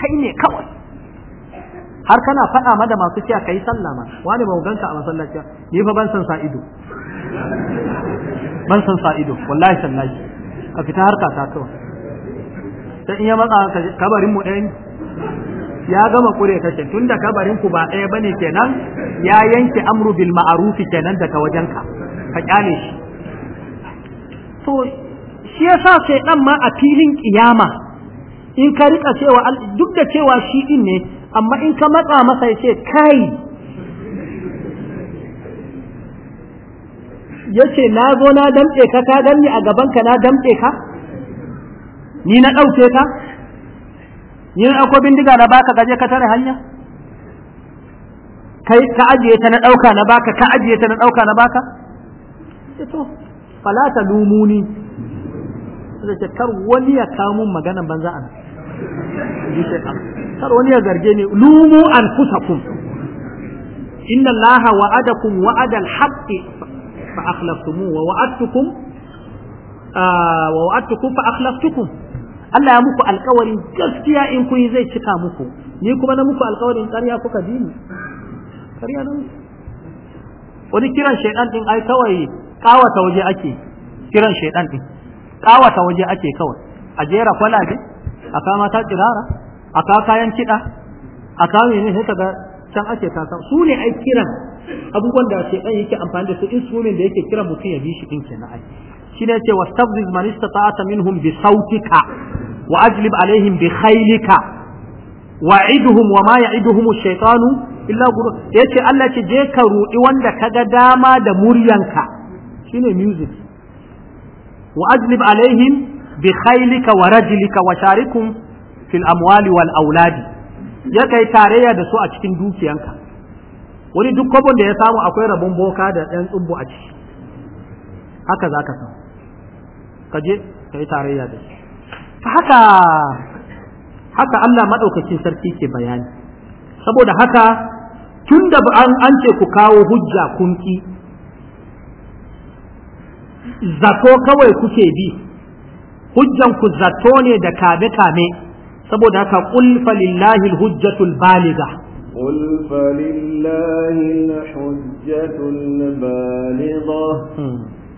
kai ne kawai har kana faɗa ma da masu cewa kai sallah ma wani ba ganka a masallaci ni fa ban san sa'ido ido ban san sa'ido ido wallahi sallahi ka fita harka ta kawai sai in ya matsa kabarin mu ɗaya ne ya gama kure kashe tun da kabarin ku ba ɗaya bane kenan ya yanke amru bil ma'ruf kenan daga wajenka ka kyale shi to shi yasa sai dan ma a filin kiyama in ka rika cewa duk da cewa shi din ne amma in ka matsa masa ya ce kai yace na zo na damɗe ka ka ganni a gabanka na damɗe ka ni na ɗauke ka Yin akwai bindiga na baka gaje ka tare hanya kai ka ajiye ta na dauka na baka ka ajiye ta na dauka na baka to fala ta lumuni sai ce kar wani ya kawo mun maganan banza an kar wani ya zarge ni lumu anfusakum inna allaha wa'adakum wa'ada al-haqq fa akhlaftumuhu wa wa'adtukum ah, wa wa'adtukum fa akhlaftukum Allah ya muku alkawarin gaskiya in kun yi zai cika muku ni kuma na muku alkawarin ƙarya kuka bi ni ƙarya na wani kiran shaidan din ai kawai kawata waje ake kiran shaidan din kawata waje ake kawai a jera kwalabe a kama ta kirara a ka kayan kiɗa a ka ne sai ka ga can ake tasa su ne ai kiran abubuwan da shaidan yake amfani da su in ne da yake kiran mutum ya bi shi din kenan ai shine yace wastabziz manista ta'ata minhum bi sautika wa ajlib alaihim bi khailika wa ma ya'iduhum ash-shaytanu illa ghurur yace Allah ce je ka ruɗi wanda kaga dama da muryanka shine music wa ajlib alaihim bi khailika wa wa wal auladi ya kai tarayya da su a cikin dukiyanka wani duk kwabon da ya samu akwai rabon boka da ɗan tsubbu a ciki haka za ka samu ka je ka yi tarayya da shi haka haka Allah madaukakin sarki ke bayani saboda haka tun da an ce ku kawo hujja kunki zato kawai kuke bi hujjan ku zato ne da kame kame saboda haka qul lillahi alhujjatul baligha قل lillahi الحجة baliga. Hmm.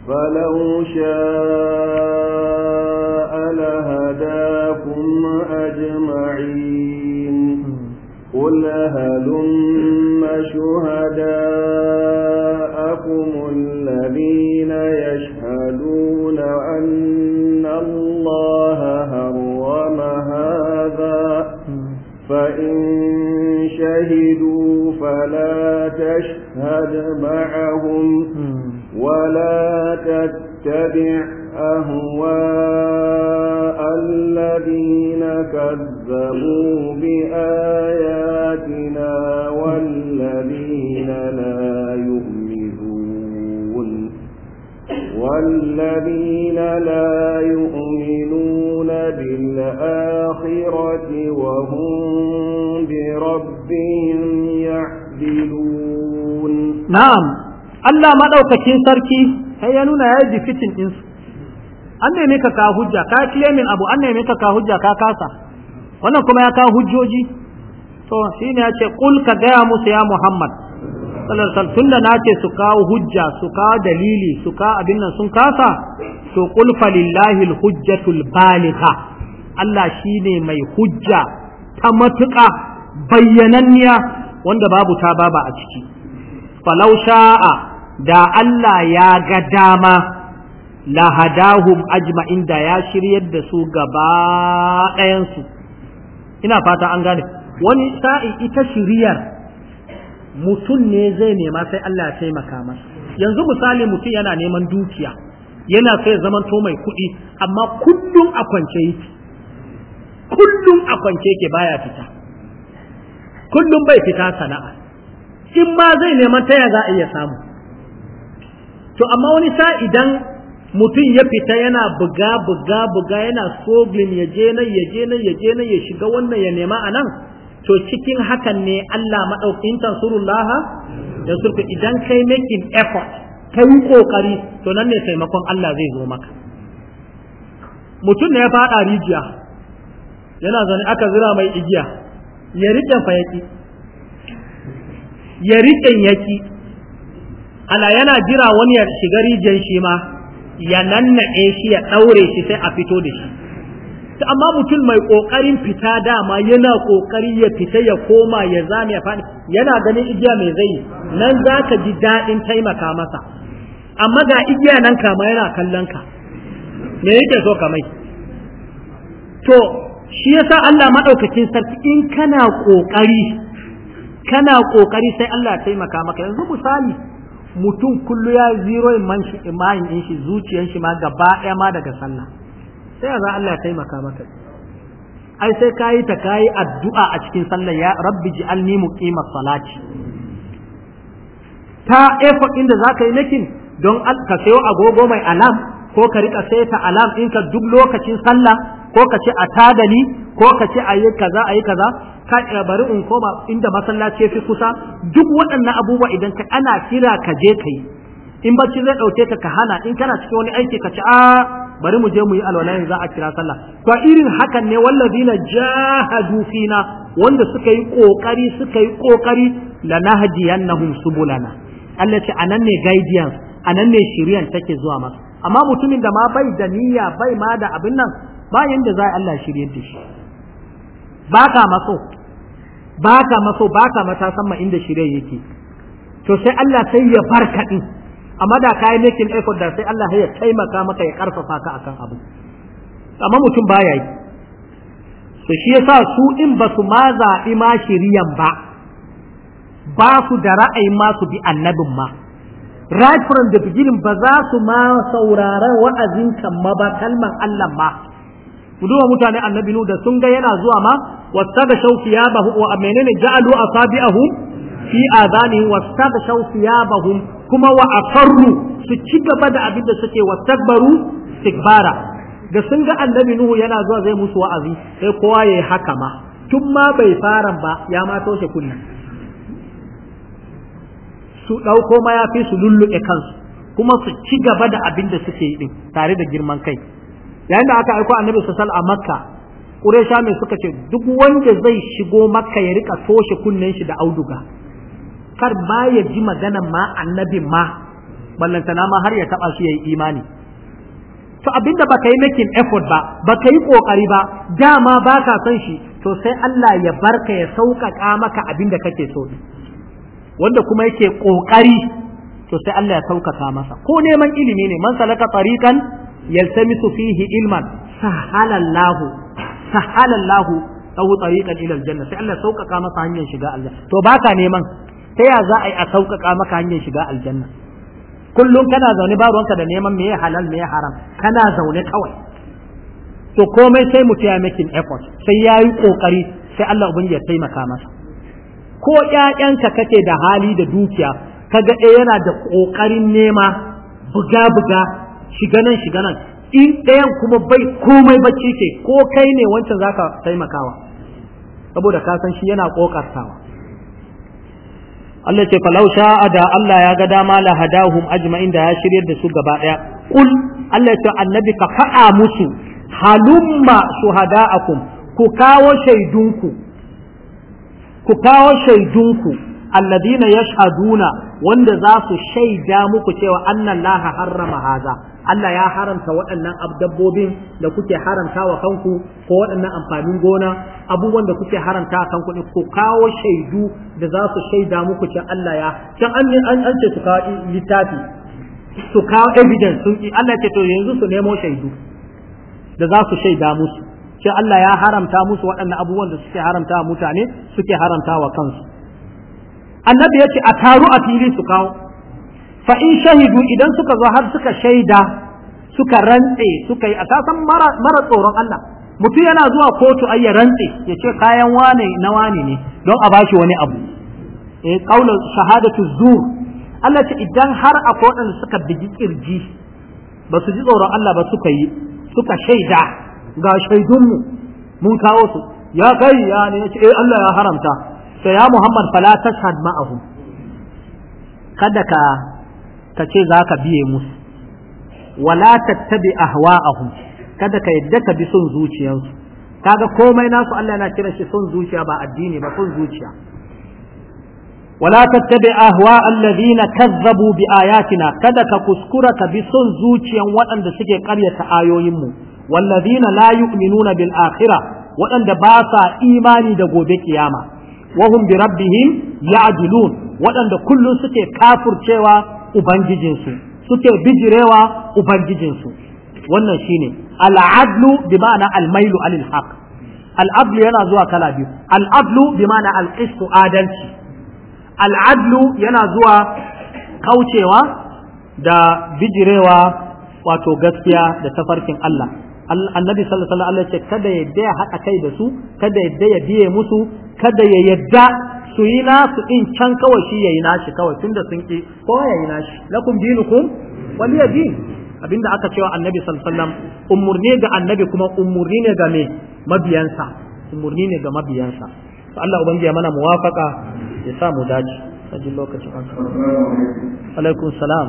فلو شاء لهداكم أجمعين قل هلم شهداءكم الذين يشهدون أن الله هرم هذا فإن شهدوا فلا تشهد معهم ولا تتبع أهواء الذين كذبوا بآياتنا والذين لا يؤمنون والذين لا يؤمنون بالآخرة وهم بربهم يعدلون نعم Allah maɗaukakin sarki sai ya nuna ya yi fitin ɗinsu an neme ka ka hujja ka claiming abu an neme ka ka hujja ka kasa wannan kuma ya kawo hujjoji to shi ne ya ce kul ka gaya musu ya Muhammad sallallahu da na ce su kawo hujja su kawo dalili su kawo abin nan sun kasa to kul falillahi hujjatul baliha Allah shine mai hujja ta matuƙa bayyananniya wanda babu ta baba a ciki falau sha'a da Allah ya ga dama lahadahum ajma'in da ya shiryar da su gaba ɗayansu ina fata an gane wani sa'i ita shiryar mutum ne zai nema sai Allah ya taimaka masa yanzu misali mutum yana neman dukiya yana sai zaman to mai kuɗi amma kullum a yake kullum a kwance yake baya fita kullum bai fita sana'a in ma zai neman taya za a iya samu to amma wani sa idan mutum ya fita yana buga buga buga yana soglin ya je nan ya je nan ya je nan ya shiga wannan ya nema a nan to cikin hakan ne Allah maɗaukin tansurullah ya surku idan kai making effort kai kokari to nan ne taimakon Allah zai zo maka mutum ne ya faɗa rijiya yana zane aka zira mai igiya ya riƙe fa ya riƙe yaki ala yana jira wani ya shiga rijiyar shi ma ya nannaɗe shi ya ɗaure shi sai a fito da shi ta amma mutum mai ƙoƙarin fita dama yana ƙoƙari ya fita ya koma ya zame ya faɗi yana ganin igiya mai zai nan za ka ji daɗin taimaka masa amma ga igiya nan kama yana kallon ka me yake so ka mai to shi yasa Allah maɗaukacin sarki in kana ƙoƙari kana ƙoƙari sai Allah ya taimaka maka yanzu misali mutum kullu ya ziro imanin in shi zuciyar shi ma gaba ɗaya ma daga sallah sai a za Allah ya taimaka maka ai sai kayi ta kayi addu'a a cikin sallah ya rabbi ji'alni muqimas salati ta efo inda zaka yi nakin don ka sayo agogo mai alam ko ka rika saita alam ɗinka duk lokacin sallah ko ka ce a tagali, ko ka ce a yi kaza a yi kaza ka eh, bari in koma inda masallaci ya fi kusa duk waɗannan abubuwa idan ka ana kira ka je ka yi in bacci zai ɗauke ka ka hana in kana cikin wani aiki ka ce a ah, bari mu je mu yi alwalayin za a kira sallah to irin hakan ne wallazina jahadu fina wanda suka yi kokari suka yi kokari nahdiyannahum subulana Allah ce anan ne guidance anan ne shiriyan take zuwa masa amma mutumin da ma bai da niyya bai ma da abin nan ba yanda za a Allah shirye da shi ba ka maso ba ka maso ba ka matasan ma inda shirye yake to sai Allah sai ya farkaɗi amma da kayan making effort da sai Allah ya taimaka maka ya karfafa ka akan abu amma mutum baya yi to shi yasa su in ba su ma zaɓi ma shiriyan ba ba su da ra'ayin ma su bi annabin ma right from the beginning ba za su ma saurara wa'azin kan ma ba kalman Allah ma ku duba mutane annabi nu da sun ga yana zuwa ma wastaga bahu. wa menene ja'alu asabi'ahu fi adanihim wastaga bahu kuma wa asarru su ci gaba da abin da suke wastakbaru sigbara. da sun ga annabi nuhu yana zuwa zai musu wa'azi sai kowa yayi haka ma tun ma bai fara ba ya ma toshe kunna su ɗauko fi su lulluɓe kansu kuma su ci gaba da abin da suke yi tare da girman kai yayin da aka aiko annabi sasal a makka ƙuresha mai suka ce duk wanda zai shigo makka ya rika toshe kunnen shi da auduga kar ma ya ji magana ma annabi ma ballantana ma har ya taba shi ya yi imani to abinda baka yi making effort ba baka yi kokari ba dama baka son shi to sai Allah ya barka ya sauƙaƙa maka abinda kake so wanda kuma yake kokari to sai Allah ya sauƙaƙa masa ko neman ilimi ne man salaka tariqan yaltamisu fihi ilman sahala Allah sahala Allah lahu tariqan ila aljanna sai Allah sauƙaƙa masa hanyar shiga aljanna to baka neman sai ya za a yi a sauƙaƙa hanyar shiga aljanna kullum kana zaune babu wanka da neman me halal me haram kana zaune kawai to komai sai mutum ya making effort sai ya yi kokari sai Allah ubangiji ya taimaka masa ko ƴaƴanka kake da hali da dukiya kaga ɗaya eh yana da ƙoƙarin nema buga buga shiga nan shiga nan in ɗayan kuma bai komai bacci ce ko kai ne wancan zaka taimakawa saboda kasan shi yana ƙoƙartawa Allah ce falau sha'a da Allah ya ga dama la hadahum ajma'in da ya shiryar da su gaba daya kul Allah ya ce annabi ka fa'a musu halumma shuhada'akum ku kawo shaidunku ku kawo shaidunku alladina yashhaduna wanda za su shaida muku cewa annan laha harrama haza Allah ya haramta waɗannan dabbobin da kuke haramta wa kanku ko waɗannan amfanin gona abubuwan da kuke haramta wa kanku ku kawo shaidu da za su shaida muku cewa Allah ya can an an ce su kawo littafi su kawo evidence sun ki Allah ce to yanzu su nemo shaidu da za su shaida musu ce Allah ya haramta musu waɗannan abubuwan da suke haramta mutane suke haramta wa kansu annabi ya ce a taru a fili su kawo fa in shahidu idan suka zo har suka shaida suka rantse suka yi a kasan mara tsoron Allah mutum yana zuwa kotu ayya ya rantse ya ce kayan wane na wane ne don a bashi wani abu eh qaulul shahadatu zur Allah ce idan har akwai waɗanda suka bigi kirji ba su ji tsoron Allah ba suka yi suka shaida ga shaidunmu mun kawo su ya kai ya ne ya ce eh Allah ya haramta to ya Muhammad fala tashhad ma'ahum kada ka ka ce za ka biye musu wala tattabi ahwa'ahum kada ka yadda ka bi son zuciyarsu kaga komai nasu Allah yana kiran shi son zuciya ba addini ba son zuciya wala tattabi ahwa alladhina kazzabu bi ayatina kada ka kuskura ka bi son zuciyan waɗanda suke karyata ayoyin mu walladhina la yu'minuna bil akhirah waɗanda ba sa imani da gobe kiyama wahum bi rabbihim ya'dilun waɗanda kullum suke kafurcewa ubangijinsu suke bijirewa ubangijinsu wannan shine al'adlu bi ma'ana al-mailu alil haq al'adlu yana zuwa kala biyu al'adlu bi ma'ana al adalci al'adlu yana zuwa kaucewa da bijirewa wato gaskiya da tafarkin Allah annabi sallallahu alaihi wasallam ce kada ya yadda ya haɗa kai da su kada ya yadda ya biye musu kada ya yadda su yi nasu in can kawai shi yayi nashi kawai tunda sun ki ko yayi nashi lakum dinukum waliya din abinda aka cewa annabi sallallahu alaihi wasallam umurni ga annabi kuma umurni ne ga me mabiyansa umurni ne ga mabiyansa to Allah ubangiji ya mana muwafaka ya sa mu dace sajin lokacin an alaikum salam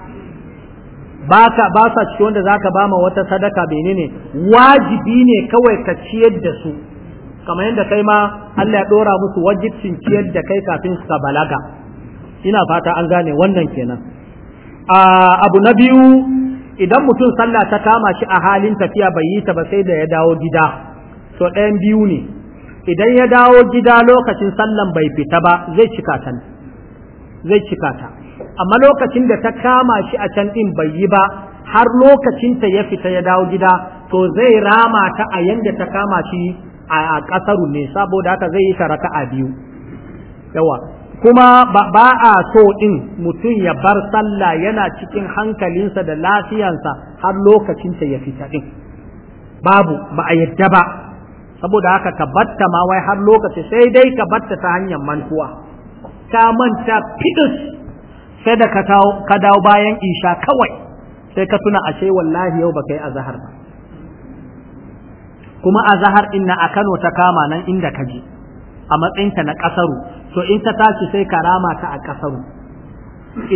baka ba sa cikin wanda zaka ba ma wata sadaka bene ne. wajibi ne kawai ka ciyar da su kamar yadda kai ma Allah ya dora musu wajibcin ciyar da kai kafin su balaga ina fata an gane wannan kenan abu na biyu idan mutum sallah ta kama shi a halin tafiya bai yi ta ba sai da ya dawo gida to ɗayan biyu ne idan ya dawo gida lokacin sallan bai fita ba zai cika ta zai cika ta amma lokacin da ta kama shi a can ɗin bai yi ba har lokacin ta ya fita ya dawo gida to zai rama ta a yanda ta kama shi a ƙasaru ne saboda haka zai yi sharaka a biyu yawa kuma ba a so din mutum ya bar sallah yana cikin hankalinsa da lafiyansa har lokacin ta ya fita din babu ba a yadda ba saboda haka ka batta ma wai har lokaci sai dai ka batta ta hanyar mantuwa Ta manta fidus sai da ka dawo bayan isha kawai sai ka tuna ashe wallahi yau baka yi azahar ba kuma azahar inna a Kano ta kama nan inda ka je a matsayinta na kasaru to in ta tashi sai ka rama ta a kasaru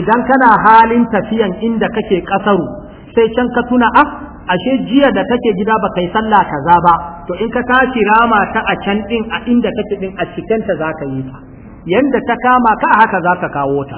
idan kana halin tafiyan inda kake kasaru sai can ka tuna a ah, ashe jiya da kake gida ba kai sallah kaza ba to in ka tashi rama ta a can din a inda kake din a cikin ta zaka yi ta yanda ta kama ka haka zaka kawo ta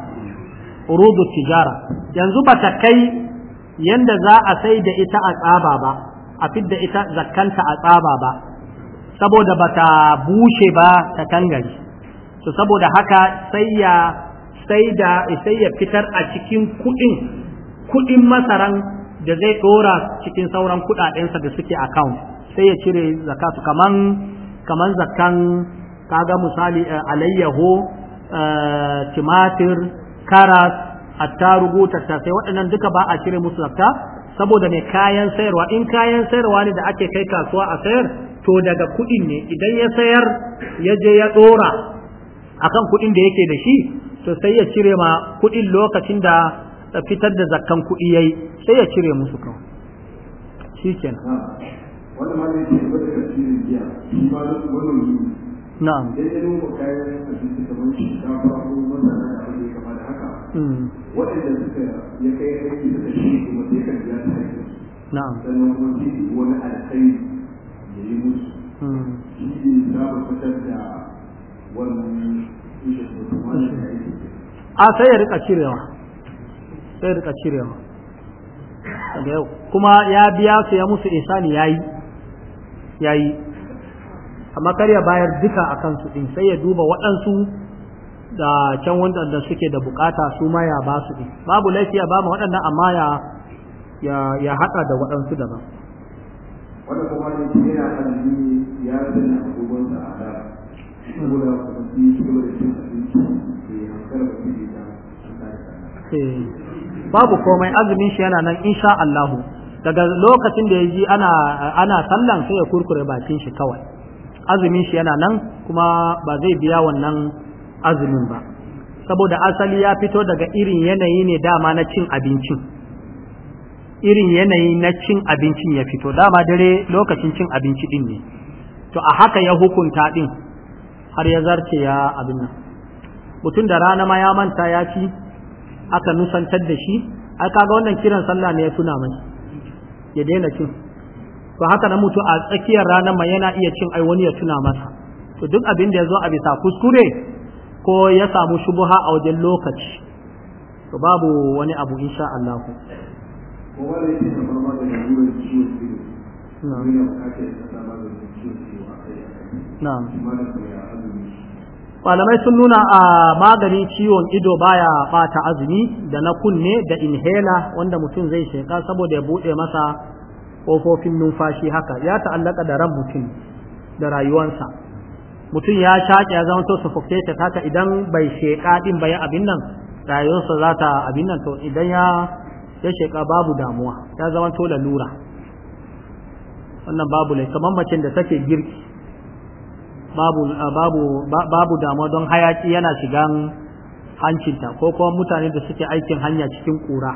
urudu tijara yanzu ba ta kai yanda za a sai da ita a tsaba ba a fidda ita zakkanta a tsaba ba saboda ba ta bushe ba ta kangare to saboda haka sai ya sai da sai ya fitar a cikin kuɗin kuɗin masaran da zai ɗora cikin sauran kuɗaɗensa da suke account sai ya cire zakatu kaman kaman zakan kaga misali eh, alayyaho eh, timatir karas attarugu tattasai waɗannan duka ba a cire musu zakka saboda mai kayan sayarwa in kayan sayarwa ne da ake kai kasuwa a sayar to daga kuɗin ne idan ya sayar ya je ya ɗora akan kuɗin da yake da shi to sai ya cire ma kuɗin lokacin da fitar da zakkan kuɗi yayi sai ya cire musu kawai shikenan wannan ma ne ke bada cire biya shi ba da wannan na'am da kayan kamar shi Mm. waɗanda suka ya kai aiki da shi kuma sai ka biya ta aiki na'am sannan kuma shi wani alƙali da yi musu mm. shi ne za mu fitar da wannan ishe da kuma aiki a sai ya rika cirewa sai ya rika cirewa daga kuma ya biya su ya musu isani ya yi. amma kar ya bayar duka akan su din sai ya duba waɗansu da can wanda suke da bukata su ma ya ba su babu laifi ya ba mu waɗannan amma ya ya haɗa da waɗansu daban wanda kuma ne shi yana hannu ya zana abubuwan da a da shi ne saboda cin abinci da ya hankar da kuɗi da babu komai azumin shi yana nan insha Allah daga lokacin da ya ji ana ana sallan sai ya kurkure bakin shi kawai azumin shi yana nan kuma ba zai biya wannan azumin ba saboda asali ya fito daga irin yanayi ne dama na cin abincin irin yanayi na cin abincin ya fito dama dare lokacin cin abinci din ne to a haka ya hukunta din har ya zarce ya abin nan mutum da rana ma ya manta ya ci aka nusantar da shi ai kaga wannan kiran sallah ne ya tuna mai ya daina cin to haka na mutu a tsakiyar ranar ma yana iya cin ai wani ya tuna masa to duk abin da ya zo a bisa kuskure ko ya samu shubuha a wajen lokaci to babu wani abu insha Allah na'am malamai sun nuna a maganin ciwon ido baya bata azumi da na kunne da inhaler wanda mutum zai sheka saboda ya buɗe masa ƙofofin numfashi haka ya ta'allaka da ran mutum da rayuwansa mutum ya shaƙe ya zama to suffocated haka idan bai sheƙa din bai abin nan rayuwarsa za ta abin nan to idan ya ya sheƙa babu damuwa ya zama to lalura wannan babu ne kamar macen da take girki babu damuwa don hayaki yana shigan hancinta ko kuma mutane da suke aikin hanya cikin ƙura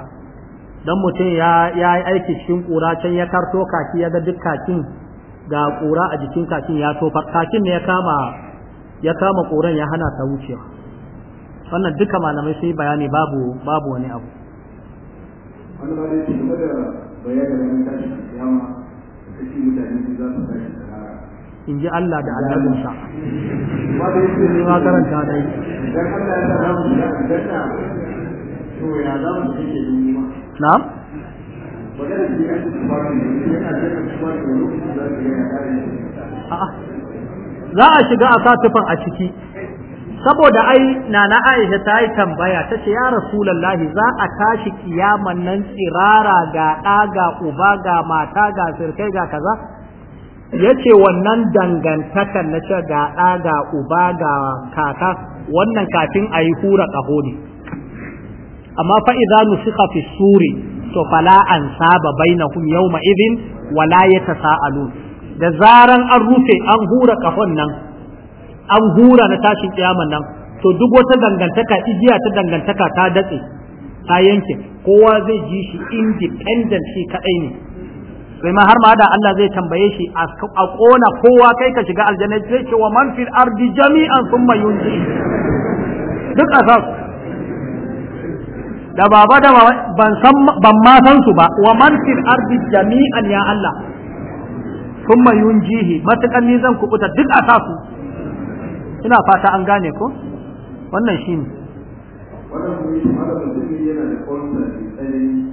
don mutum ya yi aiki cikin ƙura can ya karto kaki ya ga duk kakin ga ƙura a jikin kakin ya tofa kakin ne ya kama ya kama ƙuran ya hana ta wucewa wannan duka malamai sai bayani babu babu wani abu wani ba da shi game da bayanin tashi kiyama kashi mutane za su tashi in ji Allah da sa ba da yake ne ma karanta dai dan Allah ya sa mu da to ya za mu cike duniya na'am za a shiga a satufan a ciki saboda ai nana Aisha ta yi tambaya ta ce ya Rasulallahi za a tashi kiyaman nan tsirara ga ɗa uba ga mata ga sirkai ga kaza ya ce wannan dangantakan na ce ga ɗa ga uba ga kaka wannan kafin a yi hura ƙaho ne amma fa'iza suka fi suri to fala an saba bainahum yawma idhin wala yatasaalun da zaran an rufe an hura kafon nan an hura na tashin kiyaman nan to duk wata dangantaka igiya ta dangantaka ta datse ta yanke kowa zai ji shi independent shi kadai ne sai ma har ma da Allah zai tambaye shi a kona kowa kai ka shiga aljanna sai ce wa man fil ardi jami'an thumma yunji duk asas da baba da ban san ban ma san su ba wa man fil ardi jami'an ya Allah kuma yunjihi matakan ni zan kubuta duk a sa su ina fata an gane ko wannan shine wannan kuma shi malamin da yana da kwanta da tsanani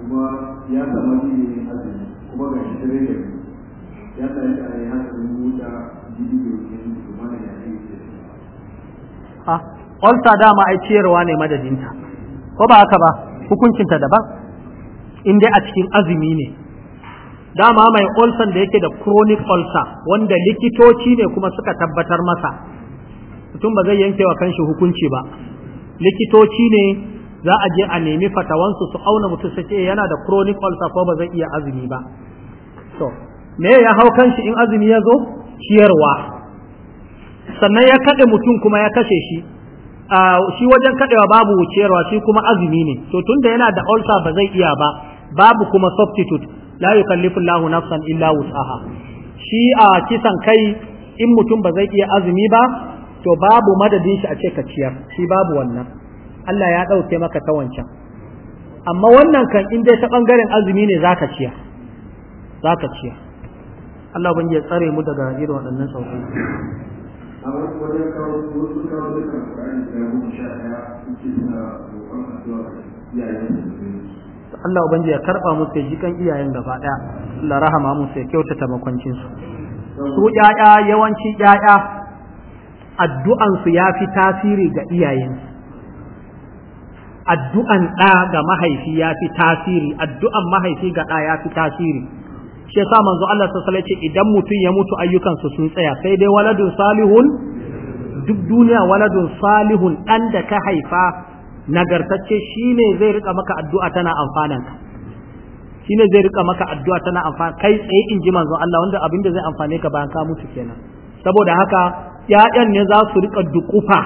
kuma ya samu ne azumi kuma ga shi dare da ya sa ya a yi hasarin da bidiyo ke su ya yi ke ha kwanta dama ai ciyarwa ne madadinta ko ba haka ba hukuncinta daban in dai a cikin azumi ne dama mai ulcer da yake da chronic ulcer wanda likitoci ne kuma suka tabbatar masa mutum ba zai yanke wa kanshi hukunci ba likitoci ne za a je a nemi fatawansu su auna mutum su ce yana da chronic ulcer ko ba zai iya azumi ba to me ya hau kanshi in azumi ya zo ciyarwa sannan ya kaɗe mutum kuma ya kashe shi shi wajen kadewa babu wucewa shi kuma azumi ne to tunda yana da ulcer ba zai iya ba babu kuma substitute la yukallifu Allahu nafsan illa wus'aha shi a kisan kai in mutum ba zai iya azumi ba to babu madadin shi a ce ka ciyar shi babu wannan Allah ya dauke maka ta wancan amma wannan kan in dai ta bangaren azumi ne zaka ciyar zaka ciyar Allah ban ya tsare mu daga irin waɗannan sauƙi wasu kawo da suna Allah ubangi ya karɓa musu ya jikan iyayen gaba ɗaya Allah rahama musu ya kyautata makwancinsu. su su ƴaƴa yawanci ƴaƴa Addu'ansu ya fi tasiri ga iyayen addu'an ɗa ga mahaifi ya fi tasiri addu'an mahaifi ga ɗa ya fi tasiri shi yasa manzo Allah ta sallai ce idan mutum ya mutu ayyukansa sun tsaya sai dai waladun salihun duk duniya waladun salihun dan da ka haifa nagartacce shine zai rika maka addu'a tana amfanan ka shine zai rika maka addu'a tana amfana kai tsaye in ji manzo Allah wanda abinda zai amfane ka bayan ka mutu kenan saboda haka ƴaƴan ne za su rika dukufa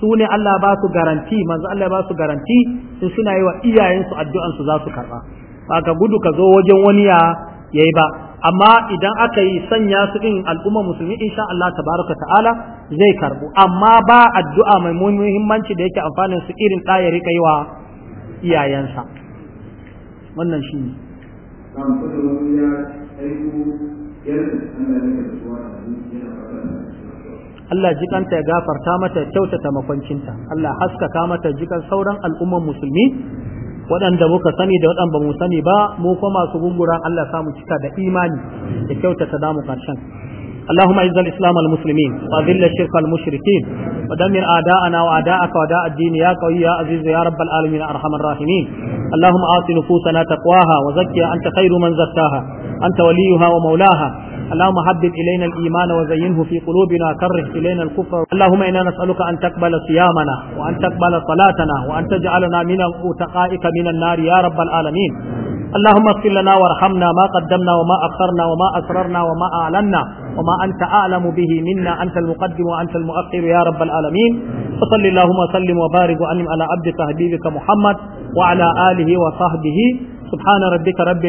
su ne Allah ba su garanti manzo Allah ba su garanti in suna yi wa iyayensu addu'ansu za su karba ba ka gudu ka zo wajen wani ya yayi ba amma idan aka yi sanya su din al'umma musulmi insha Allah tabaraka ta'ala zai karbu amma ba addu'a mai muhimmanci da yake amfanin su irin da ya rika wa iyayensa wannan shi ne Allah jikanta ya gafarta mata ya kyautata makwancinta Allah haskaka mata jikan sauran al'umman musulmi waɗanda muka sani da waɗanda mu sani ba mu kuma masu gunguran Allah samu cika da imani da kyautata damu karshen اللهم اعز الاسلام المسلمين واذل الشرك المشركين ودمر اعداءنا واعداءك واعداء الدين يا قوي يا عزيز يا رب العالمين ارحم الراحمين اللهم اعط نفوسنا تقواها وزكها انت خير من زكاها انت وليها ومولاها اللهم حبب إلينا الإيمان وزينه في قلوبنا كره إلينا الكفر اللهم إنا نسألك أن تقبل صيامنا وأن تقبل صلاتنا وأن تجعلنا من أتقائك من النار يا رب العالمين اللهم اغفر لنا وارحمنا ما قدمنا وما أخرنا وما أسررنا وما أعلنا وما أنت أعلم به منا أنت المقدم وأنت المؤخر يا رب العالمين فصل اللهم وسلم وبارك وأنم على عبدك حبيبك محمد وعلى آله وصحبه سبحان ربك رب